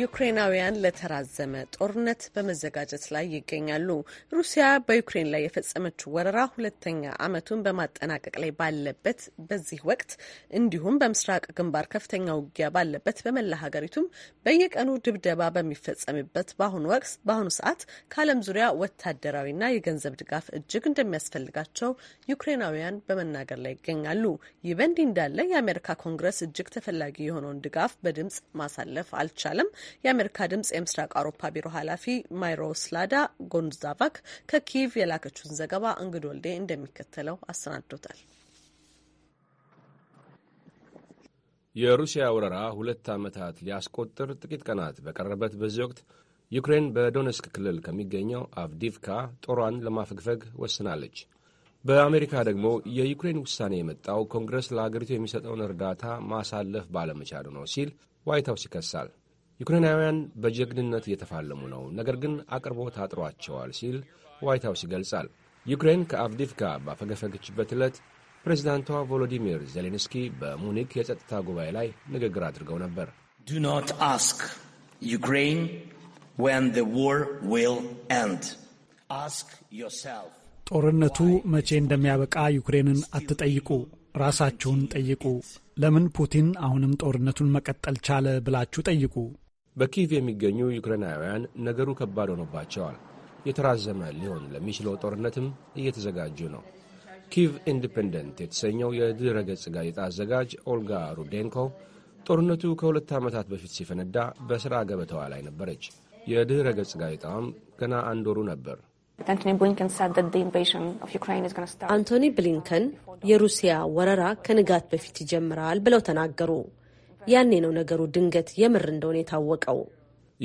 ዩክሬናውያን ለተራዘመ ጦርነት በመዘጋጀት ላይ ይገኛሉ። ሩሲያ በዩክሬን ላይ የፈጸመችው ወረራ ሁለተኛ ዓመቱን በማጠናቀቅ ላይ ባለበት በዚህ ወቅት እንዲሁም በምስራቅ ግንባር ከፍተኛ ውጊያ ባለበት በመላ ሀገሪቱም በየቀኑ ድብደባ በሚፈጸምበት በአሁኑ ወቅት በአሁኑ ሰዓት ከዓለም ዙሪያ ወታደራዊና የገንዘብ ድጋፍ እጅግ እንደሚያስፈልጋቸው ዩክሬናውያን በመናገር ላይ ይገኛሉ። ይህ በእንዲህ እንዳለ የአሜሪካ ኮንግረስ እጅግ ተፈላጊ የሆነውን ድጋፍ በድምጽ ማሳለፍ አልቻለም። የአሜሪካ ድምጽ የምስራቅ አውሮፓ ቢሮ ኃላፊ ማይሮስላዳ ጎንዛቫክ ከኪቭ የላከችውን ዘገባ እንግድ ወልዴ እንደሚከተለው አሰናድቶታል። የሩሲያ ወረራ ሁለት ዓመታት ሊያስቆጥር ጥቂት ቀናት በቀረበት በዚህ ወቅት ዩክሬን በዶኔስክ ክልል ከሚገኘው አቭዲቭካ ጦሯን ለማፈግፈግ ወስናለች። በአሜሪካ ደግሞ የዩክሬን ውሳኔ የመጣው ኮንግረስ ለአገሪቱ የሚሰጠውን እርዳታ ማሳለፍ ባለመቻሉ ነው ሲል ዋይት ሀውስ ይከሳል። ዩክሬናውያን በጀግንነት እየተፋለሙ ነው፣ ነገር ግን አቅርቦት አጥሯቸዋል ሲል ዋይት ሀውስ ይገልጻል። ዩክሬን ከአቭዲቭካ ባፈገፈገችበት ዕለት ፕሬዚዳንቷ ቮሎዲሚር ዜሌንስኪ በሙኒክ የጸጥታ ጉባኤ ላይ ንግግር አድርገው ነበር። ዱ ኖት አስክ ዩክሬን ዌን ዘ ዋር ዊል ኤንድ አስክ ዮርሰልፍ ጦርነቱ መቼ እንደሚያበቃ ዩክሬንን አትጠይቁ፣ ራሳችሁን ጠይቁ። ለምን ፑቲን አሁንም ጦርነቱን መቀጠል ቻለ ብላችሁ ጠይቁ። በኪቭ የሚገኙ ዩክሬናውያን ነገሩ ከባድ ሆኖባቸዋል። የተራዘመ ሊሆን ለሚችለው ጦርነትም እየተዘጋጁ ነው። ኪቭ ኢንዲፔንደንት የተሰኘው የድረገጽ ጋዜጣ አዘጋጅ ኦልጋ ሩዴንኮ ጦርነቱ ከሁለት ዓመታት በፊት ሲፈነዳ በሥራ ገበታዋ ላይ ነበረች። የድኅረ ገጽ ጋዜጣዋም ገና አንድ ወሩ ነበር። አንቶኒ ብሊንከን የሩሲያ ወረራ ከንጋት በፊት ይጀምራል ብለው ተናገሩ። ያኔ ነው ነገሩ ድንገት የምር እንደሆነ የታወቀው።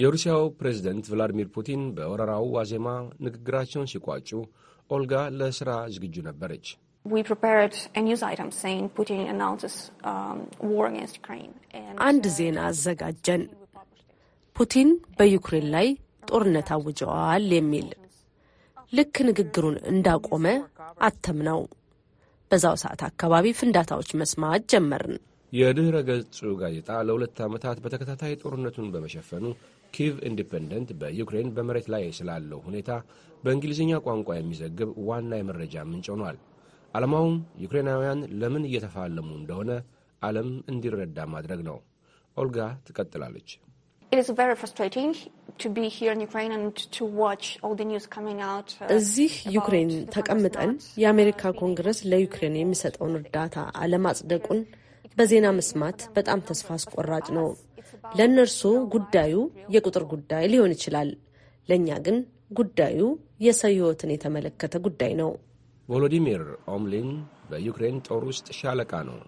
የሩሲያው ፕሬዝደንት ቭላዲሚር ፑቲን በወረራው ዋዜማ ንግግራቸውን ሲቋጩ ኦልጋ ለስራ ዝግጁ ነበረች። um, uh, አንድ ዜና አዘጋጀን። ፑቲን በዩክሬን ላይ ጦርነት አውጀዋል የሚል ልክ ንግግሩን እንዳቆመ አተምነው። በዛው ሰዓት አካባቢ ፍንዳታዎች መስማት ጀመርን። የድኅረ ገጹ ጋዜጣ ለሁለት ዓመታት በተከታታይ ጦርነቱን በመሸፈኑ ኪቭ ኢንዲፐንደንት በዩክሬን በመሬት ላይ ስላለው ሁኔታ በእንግሊዝኛ ቋንቋ የሚዘግብ ዋና የመረጃ ምንጭ ሆኗል። ዓላማውም ዩክሬናውያን ለምን እየተፋለሙ እንደሆነ ዓለም እንዲረዳ ማድረግ ነው። ኦልጋ ትቀጥላለች። uh, እዚህ ዩክሬን ተቀምጠን የአሜሪካ ኮንግረስ ለዩክሬን የሚሰጠውን እርዳታ አለማጽደቁን በዜና መስማት በጣም ተስፋ አስቆራጭ ነው። ለእነርሱ ጉዳዩ የቁጥር ጉዳይ ሊሆን ይችላል። ለእኛ ግን ጉዳዩ የሰው ሕይወትን የተመለከተ ጉዳይ ነው። ቮሎዲሚር ኦምሊን በዩክሬን ጦር ውስጥ ሻለቃ ነው።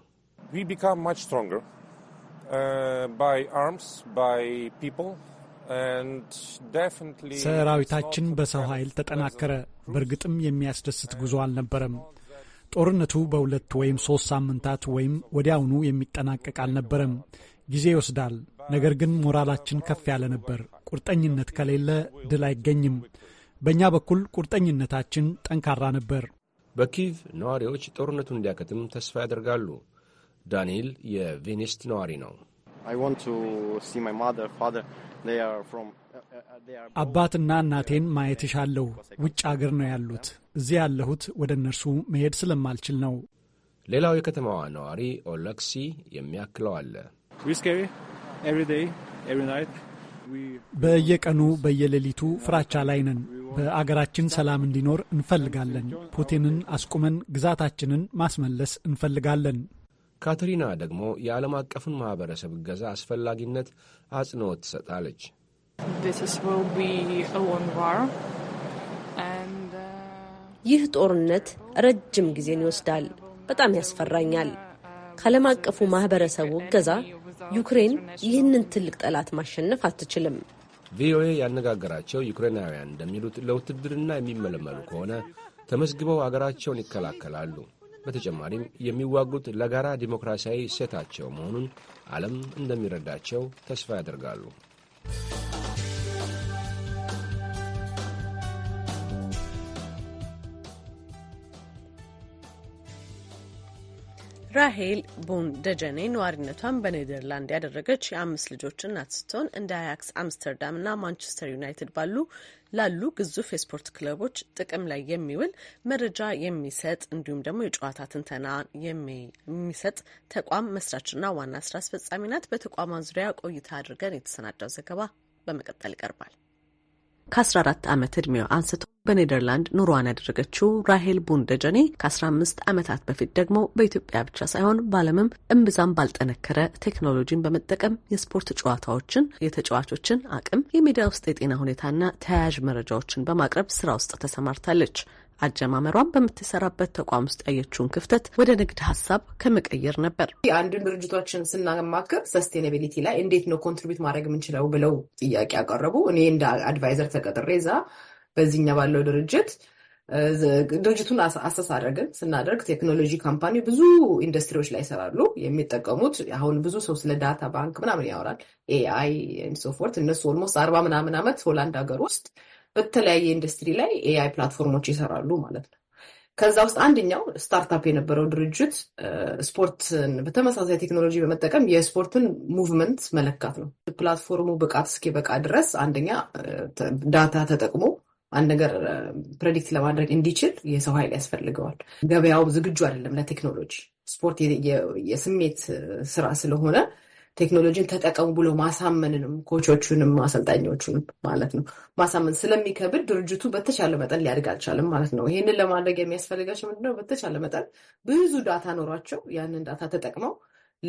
uh, ሰራዊታችን በሰው ኃይል ተጠናከረ። በእርግጥም የሚያስደስት ጉዞ አልነበረም። ጦርነቱ በሁለት ወይም ሶስት ሳምንታት ወይም ወዲያውኑ የሚጠናቀቅ አልነበረም። ጊዜ ይወስዳል። ነገር ግን ሞራላችን ከፍ ያለ ነበር። ቁርጠኝነት ከሌለ ድል አይገኝም። በእኛ በኩል ቁርጠኝነታችን ጠንካራ ነበር። በኪቭ ነዋሪዎች ጦርነቱን እንዲያከትም ተስፋ ያደርጋሉ። ዳንኤል የቬኔስት ነዋሪ ነው። አባትና እናቴን ማየት እሻለሁ። ውጭ አገር ነው ያሉት። እዚህ ያለሁት ወደ እነርሱ መሄድ ስለማልችል ነው። ሌላው የከተማዋ ነዋሪ ኦለክሲ የሚያክለው አለ። በየቀኑ በየሌሊቱ ፍራቻ ላይ ነን። በአገራችን ሰላም እንዲኖር እንፈልጋለን። ፑቲንን አስቁመን ግዛታችንን ማስመለስ እንፈልጋለን። ካትሪና ደግሞ የዓለም አቀፉን ማኅበረሰብ እገዛ አስፈላጊነት አጽንዖት ትሰጣለች። Uh, ይህ ጦርነት ረጅም ጊዜን ይወስዳል። በጣም ያስፈራኛል። ከዓለም አቀፉ ማህበረሰቡ እገዛ ዩክሬን ይህንን ትልቅ ጠላት ማሸነፍ አትችልም። ቪኦኤ ያነጋገራቸው ዩክሬናውያን እንደሚሉት ለውትድርና የሚመለመሉ ከሆነ ተመዝግበው አገራቸውን ይከላከላሉ። በተጨማሪም የሚዋጉት ለጋራ ዲሞክራሲያዊ እሴታቸው መሆኑን ዓለም እንደሚረዳቸው ተስፋ ያደርጋሉ። ራሄል ቡን ደጀኔ ነዋሪነቷን በኔዘርላንድ ያደረገች የአምስት ልጆች እናት ስትሆን እንደ አያክስ አምስተርዳምና ማንቸስተር ዩናይትድ ባሉ ላሉ ግዙፍ የስፖርት ክለቦች ጥቅም ላይ የሚውል መረጃ የሚሰጥ እንዲሁም ደግሞ የጨዋታ ትንተና የሚሰጥ ተቋም መስራችና ዋና ስራ አስፈጻሚ ናት። በተቋሟ ዙሪያ ቆይታ አድርገን የተሰናዳው ዘገባ በመቀጠል ይቀርባል። ከ14 ዓመት ዕድሜው አንስቶ በኔደርላንድ ኑሯን ያደረገችው ራሄል ቡንደጀኔ ከ15 ዓመታት በፊት ደግሞ በኢትዮጵያ ብቻ ሳይሆን በዓለምም እምብዛም ባልጠነከረ ቴክኖሎጂን በመጠቀም የስፖርት ጨዋታዎችን፣ የተጫዋቾችን አቅም፣ የሜዳ ውስጥ የጤና ሁኔታና ተያያዥ መረጃዎችን በማቅረብ ስራ ውስጥ ተሰማርታለች። አጀማመሯን በምትሰራበት ተቋም ውስጥ ያየችውን ክፍተት ወደ ንግድ ሀሳብ ከመቀየር ነበር። አንድን ድርጅቶችን ስናማክር ሰስቴናቢሊቲ ላይ እንዴት ነው ኮንትሪቢዩት ማድረግ የምንችለው ብለው ጥያቄ ያቀረቡ እኔ እንደ አድቫይዘር ተቀጥሬ እዛ በዚህኛ ባለው ድርጅት ድርጅቱን አሰስ አድርገን ስናደርግ ቴክኖሎጂ ካምፓኒ ብዙ ኢንዱስትሪዎች ላይ ይሰራሉ። የሚጠቀሙት አሁን ብዙ ሰው ስለ ዳታ ባንክ ምናምን ያወራል ኤአይ ሶፎርት እነሱ ኦልሞስት አርባ ምናምን ዓመት ሆላንድ ሀገር ውስጥ በተለያየ ኢንዱስትሪ ላይ ኤአይ ፕላትፎርሞች ይሰራሉ ማለት ነው። ከዛ ውስጥ አንደኛው ስታርታፕ የነበረው ድርጅት ስፖርትን በተመሳሳይ ቴክኖሎጂ በመጠቀም የስፖርትን ሙቭመንት መለካት ነው። ፕላትፎርሙ ብቃት እስኪበቃ ድረስ አንደኛ ዳታ ተጠቅሞ አንድ ነገር ፕሬዲክት ለማድረግ እንዲችል የሰው ኃይል ያስፈልገዋል። ገበያው ዝግጁ አይደለም ለቴክኖሎጂ ስፖርት የስሜት ስራ ስለሆነ ቴክኖሎጂን ተጠቀሙ ብሎ ማሳመንንም ኮቾቹንም አሰልጣኞቹንም ማለት ነው ማሳመን ስለሚከብድ ድርጅቱ በተቻለ መጠን ሊያድግ አልቻለም ማለት ነው። ይህንን ለማድረግ የሚያስፈልጋቸው ምንድነው? በተቻለ መጠን ብዙ ዳታ ኖሯቸው ያንን ዳታ ተጠቅመው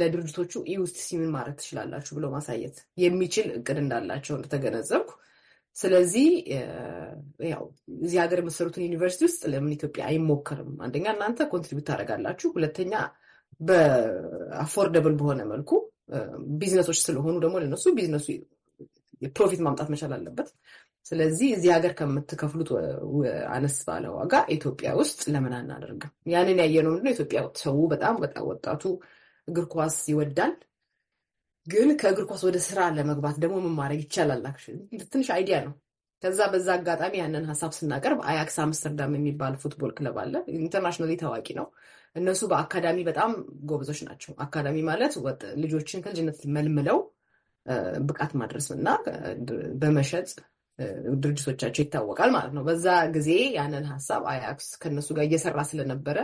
ለድርጅቶቹ ኢውስት ሲምን ማድረግ ትችላላችሁ ብሎ ማሳየት የሚችል እቅድ እንዳላቸው እንደተገነዘብኩ ስለዚህ ያው እዚህ ሀገር የምትሰሩትን ዩኒቨርሲቲ ውስጥ ለምን ኢትዮጵያ አይሞከርም? አንደኛ እናንተ ኮንትሪቢዩት ታደርጋላችሁ፣ ሁለተኛ በአፎርደብል በሆነ መልኩ ቢዝነሶች ስለሆኑ ደግሞ ለነሱ ቢዝነሱ የፕሮፊት ማምጣት መቻል አለበት። ስለዚህ እዚህ ሀገር ከምትከፍሉት አነስ ባለ ዋጋ ኢትዮጵያ ውስጥ ለምን አናደርግም? ያንን ያየነው ምንድነው ኢትዮጵያ ሰው በጣም በጣም ወጣቱ እግር ኳስ ይወዳል። ግን ከእግር ኳስ ወደ ስራ ለመግባት ደግሞ ምን ማድረግ ይቻላል? ትንሽ አይዲያ ነው። ከዛ በዛ አጋጣሚ ያንን ሀሳብ ስናቀርብ አያክስ አምስተርዳም የሚባል ፉትቦል ክለብ አለ። ኢንተርናሽናሊ ታዋቂ ነው። እነሱ በአካዳሚ በጣም ጎበዞች ናቸው። አካዳሚ ማለት ወጥ ልጆችን ከልጅነት መልምለው ብቃት ማድረስ እና በመሸጥ ድርጅቶቻቸው ይታወቃል ማለት ነው። በዛ ጊዜ ያንን ሀሳብ አያክስ ከነሱ ጋር እየሰራ ስለነበረ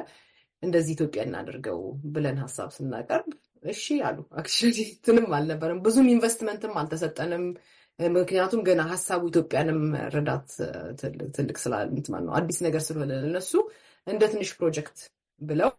እንደዚህ ኢትዮጵያ እናደርገው ብለን ሀሳብ ስናቀርብ እሺ አሉ። አክቹዋሊ እንትንም አልነበረም ብዙም ኢንቨስትመንትም አልተሰጠንም። ምክንያቱም ገና ሀሳቡ ኢትዮጵያንም ረዳት ትልቅ ማለት ነው አዲስ ነገር ስለሆነ ለነሱ እንደ ትንሽ ፕሮጀክት ብለው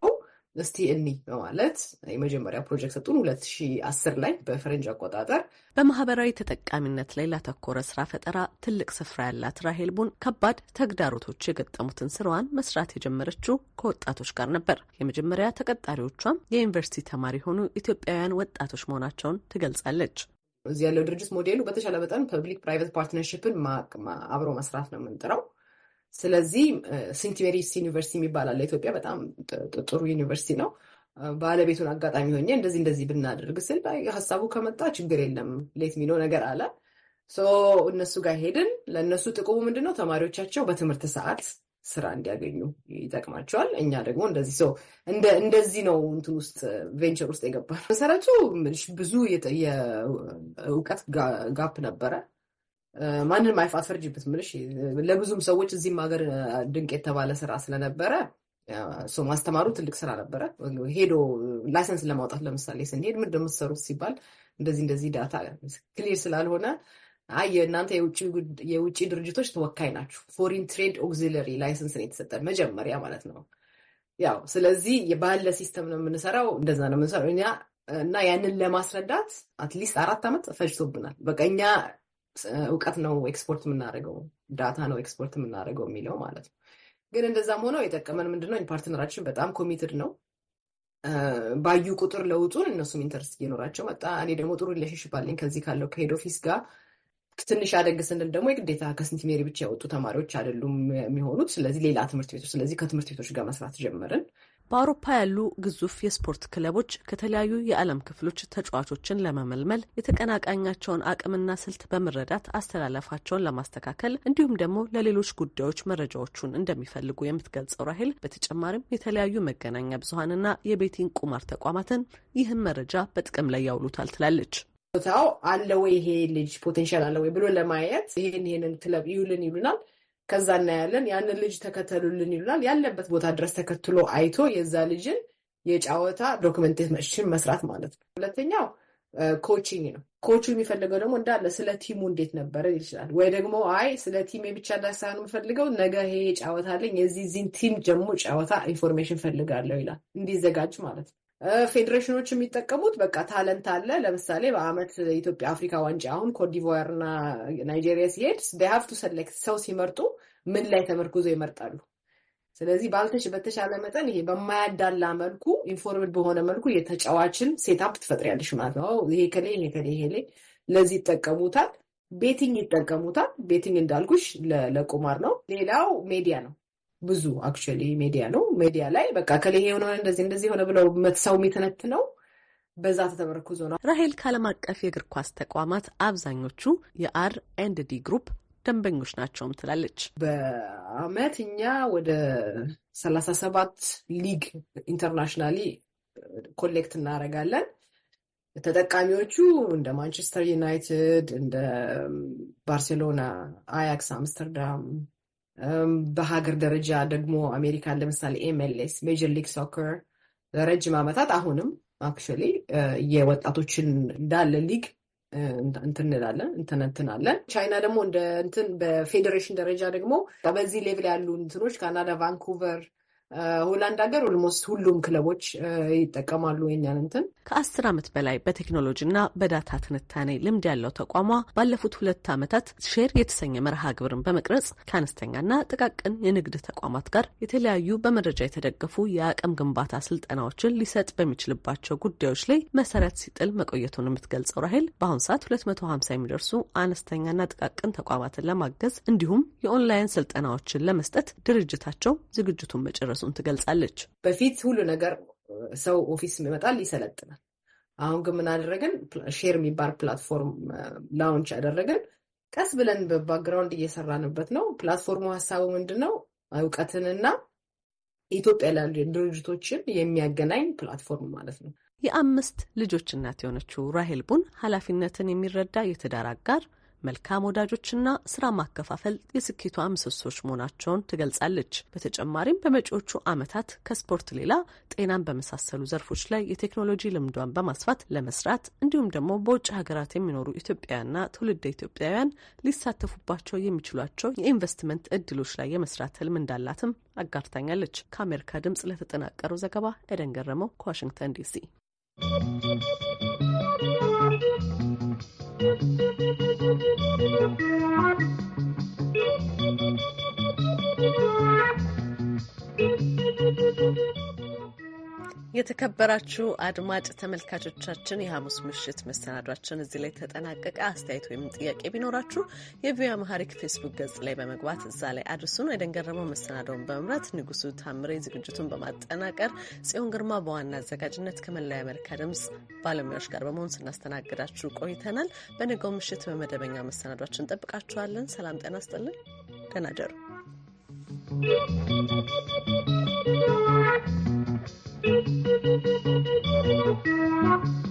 እስቲ እኒ በማለት የመጀመሪያ ፕሮጀክት ሰጡን። ሁለት ሺ አስር ላይ በፈረንጅ አቆጣጠር በማህበራዊ ተጠቃሚነት ላይ ላተኮረ ስራ ፈጠራ ትልቅ ስፍራ ያላት ራሄል ቡን ከባድ ተግዳሮቶች የገጠሙትን ስራዋን መስራት የጀመረችው ከወጣቶች ጋር ነበር። የመጀመሪያ ተቀጣሪዎቿም የዩኒቨርሲቲ ተማሪ የሆኑ ኢትዮጵያውያን ወጣቶች መሆናቸውን ትገልጻለች። እዚህ ያለው ድርጅት ሞዴሉ በተሻለ በጣም ፐብሊክ ፕራይቬት ፓርትነርሽፕን አብሮ መስራት ነው የምንጥረው ስለዚህ ሴንት ሜሪስ ዩኒቨርሲቲ የሚባል አለ ኢትዮጵያ፣ በጣም ጥሩ ዩኒቨርሲቲ ነው። ባለቤቱን አጋጣሚ ሆኜ እንደዚህ እንደዚህ ብናደርግ ስል ሀሳቡ ከመጣ ችግር የለም ሌት የሚለው ነገር አለ። እነሱ ጋር ሄድን። ለእነሱ ጥቅሙ ምንድን ነው? ተማሪዎቻቸው በትምህርት ሰዓት ስራ እንዲያገኙ ይጠቅማቸዋል። እኛ ደግሞ እንደዚህ ሰው እንደዚህ ነው እንትን ውስጥ ቬንቸር ውስጥ የገባል። መሰረቱ ብዙ የእውቀት ጋፕ ነበረ። ማንንም አትፈርጂበት። ምልሽ ለብዙም ሰዎች እዚህም ሀገር ድንቅ የተባለ ስራ ስለነበረ ሰው ማስተማሩ ትልቅ ስራ ነበረ። ሄዶ ላይሰንስ ለማውጣት ለምሳሌ ስንሄድ ምን እንደምትሰሩት ሲባል እንደዚህ እንደዚህ ዳታ ክሊር ስላልሆነ አይ የእናንተ የውጭ ድርጅቶች ተወካይ ናችሁ፣ ፎሪን ትሬድ ኦግዚለሪ ላይሰንስ ነው የተሰጠ መጀመሪያ ማለት ነው። ያው ስለዚህ ባለ ሲስተም ነው የምንሰራው፣ እንደዛ ነው የምንሰራው እና ያንን ለማስረዳት አትሊስት አራት ዓመት ፈጅቶብናል። በቃ እኛ እውቀት ነው ኤክስፖርት የምናደርገው፣ ዳታ ነው ኤክስፖርት የምናደርገው የሚለው ማለት ነው። ግን እንደዛም ሆነው የጠቀመን ምንድነው ፓርትነራችን በጣም ኮሚትድ ነው። ባዩ ቁጥር ለውጡን እነሱም ኢንተርስት እየኖራቸው መጣ። እኔ ደግሞ ጥሩ ሪሌሽንሽፕ አለኝ ከዚህ ካለው ከሄድ ኦፊስ ጋር ትንሽ አደግ ስንል ደግሞ የግዴታ ከሴንቲሜሪ ብቻ የወጡ ተማሪዎች አይደሉም የሚሆኑት። ስለዚህ ሌላ ትምህርት ቤቶች ስለዚህ ከትምህርት ቤቶች ጋር መስራት ጀመርን። በአውሮፓ ያሉ ግዙፍ የስፖርት ክለቦች ከተለያዩ የዓለም ክፍሎች ተጫዋቾችን ለመመልመል የተቀናቃኛቸውን አቅምና ስልት በመረዳት አስተላለፋቸውን ለማስተካከል እንዲሁም ደግሞ ለሌሎች ጉዳዮች መረጃዎቹን እንደሚፈልጉ የምትገልጸው ራሄል በተጨማሪም የተለያዩ መገናኛ ብዙሀንና የቤቲንግ ቁማር ተቋማትን ይህን መረጃ በጥቅም ላይ ያውሉታል ትላለች። ቦታው አለ ወይ ይሄ ልጅ ፖቴንሻል አለ ወይ ብሎ ለማየት ይህን ይህንን ክለብ ይውልን ይሉናል ከዛ እናያለን። ያንን ልጅ ተከተሉልን ይሉናል። ያለበት ቦታ ድረስ ተከትሎ አይቶ የዛ ልጅን የጫወታ ዶክመንቴሽን መስራት ማለት ነው። ሁለተኛው ኮቺንግ ነው። ኮቹ የሚፈልገው ደግሞ እንዳለ ስለ ቲሙ እንዴት ነበረ ይችላል። ወይ ደግሞ አይ ስለ ቲም ብቻ ዳሳ የምፈልገው፣ ነገ ይሄ ጫወታ አለኝ የዚህ ዚን ቲም ደግሞ ጫወታ ኢንፎርሜሽን ፈልጋለሁ ይላል። እንዲዘጋጅ ማለት ነው። ፌዴሬሽኖች የሚጠቀሙት በቃ ታለንት አለ። ለምሳሌ በአመት ኢትዮጵያ አፍሪካ ዋንጫ አሁን ኮትዲቯር እና ናይጄሪያ ሲሄድ ሀፍቱ ሰሌክት ሰው ሲመርጡ ምን ላይ ተመርኩዞ ይመርጣሉ? ስለዚህ ባልተሽ በተሻለ መጠን ይሄ በማያዳላ መልኩ ኢንፎርምድ በሆነ መልኩ የተጫዋችን ሴታፕ ትፈጥሪያለሽ ማለት ነው። ይሄ ከሌ ይሄ ከሌ ይሄ ሌ ለዚህ ይጠቀሙታል። ቤቲንግ ይጠቀሙታል። ቤቲንግ እንዳልኩሽ ለቁማር ነው። ሌላው ሜዲያ ነው። ብዙ አክቹዋሊ ሜዲያ ነው። ሜዲያ ላይ በቃ ከላይ የሆነ እንደዚህ እንደዚህ የሆነ ብለው ሰው ነው በዛ ተተመርኩዞ ነው። ራሄል ከዓለም አቀፍ የእግር ኳስ ተቋማት አብዛኞቹ የአር ኤንድ ዲ ግሩፕ ደንበኞች ናቸውም ትላለች። በአመት እኛ ወደ ሰላሳ ሰባት ሊግ ኢንተርናሽናሊ ኮሌክት እናደርጋለን። ተጠቃሚዎቹ እንደ ማንቸስተር ዩናይትድ፣ እንደ ባርሴሎና፣ አያክስ አምስተርዳም በሀገር ደረጃ ደግሞ አሜሪካን ለምሳሌ ኤምኤልኤስ ሜጀር ሊግ ሶከር ለረጅም ዓመታት አሁንም አክቹዋሊ የወጣቶችን እንዳለ ሊግ እንትን እንላለን እንትን እንትን አለን። ቻይና ደግሞ እንደ እንትን በፌዴሬሽን ደረጃ ደግሞ በዚህ ሌቭል ያሉ እንትኖች ካናዳ፣ ቫንኩቨር ሆላንድ ሀገር ኦልሞስት ሁሉም ክለቦች ይጠቀማሉ የኛን እንትን። ከአስር ዓመት በላይ በቴክኖሎጂ እና በዳታ ትንታኔ ልምድ ያለው ተቋሟ ባለፉት ሁለት ዓመታት ሼር የተሰኘ መርሃ ግብርን በመቅረጽ ከአነስተኛና ጥቃቅን የንግድ ተቋማት ጋር የተለያዩ በመረጃ የተደገፉ የአቅም ግንባታ ስልጠናዎችን ሊሰጥ በሚችልባቸው ጉዳዮች ላይ መሰረት ሲጥል መቆየቱን የምትገልጸው ራሄል በአሁኑ ሰዓት 250 የሚደርሱ አነስተኛና ጥቃቅን ተቋማትን ለማገዝ እንዲሁም የኦንላይን ስልጠናዎችን ለመስጠት ድርጅታቸው ዝግጅቱን መጨረሱ መቀነሱን ትገልጻለች። በፊት ሁሉ ነገር ሰው ኦፊስ ይመጣል፣ ይሰለጥናል። አሁን ግን ምን አደረግን? ሼር የሚባል ፕላትፎርም ላውንች አደረግን። ቀስ ብለን በባክግራውንድ እየሰራንበት ነው። ፕላትፎርሙ ሀሳቡ ምንድን ነው? እውቀትንና ኢትዮጵያ ላሉ ድርጅቶችን የሚያገናኝ ፕላትፎርም ማለት ነው። የአምስት ልጆች እናት የሆነችው ራሄል ቡን ኃላፊነትን የሚረዳ የትዳር አጋር መልካም ወዳጆችና ስራ ማከፋፈል የስኬቷ ምሰሶች መሆናቸውን ትገልጻለች። በተጨማሪም በመጪዎቹ ዓመታት ከስፖርት ሌላ ጤናን በመሳሰሉ ዘርፎች ላይ የቴክኖሎጂ ልምዷን በማስፋት ለመስራት እንዲሁም ደግሞ በውጭ ሀገራት የሚኖሩ ኢትዮጵያውያንና ትውልደ ኢትዮጵያውያን ሊሳተፉባቸው የሚችሏቸው የኢንቨስትመንት እድሎች ላይ የመስራት ህልም እንዳላትም አጋርታኛለች። ከአሜሪካ ድምጽ ለተጠናቀረው ዘገባ ኤደን ገረመው ከዋሽንግተን ዲሲ። የተከበራችሁ አድማጭ ተመልካቾቻችን የሐሙስ ምሽት መሰናዷችን እዚህ ላይ ተጠናቀቀ። አስተያየት ወይም ጥያቄ ቢኖራችሁ የቪ አማሃሪክ ፌስቡክ ገጽ ላይ በመግባት እዛ ላይ አድርሱን። የደንገረመው መሰናዳውን በመምራት ንጉሱ ታምሬ ዝግጅቱን በማጠናቀር ጽዮን ግርማ በዋና አዘጋጅነት ከመላው የአሜሪካ ድምፅ ባለሙያዎች ጋር በመሆን ስናስተናግዳችሁ ቆይተናል። በነገው ምሽት በመደበኛ መሰናዷችን እንጠብቃችኋለን። ሰላም ጤና ስጥልን። ደህና ደሩ Thank you.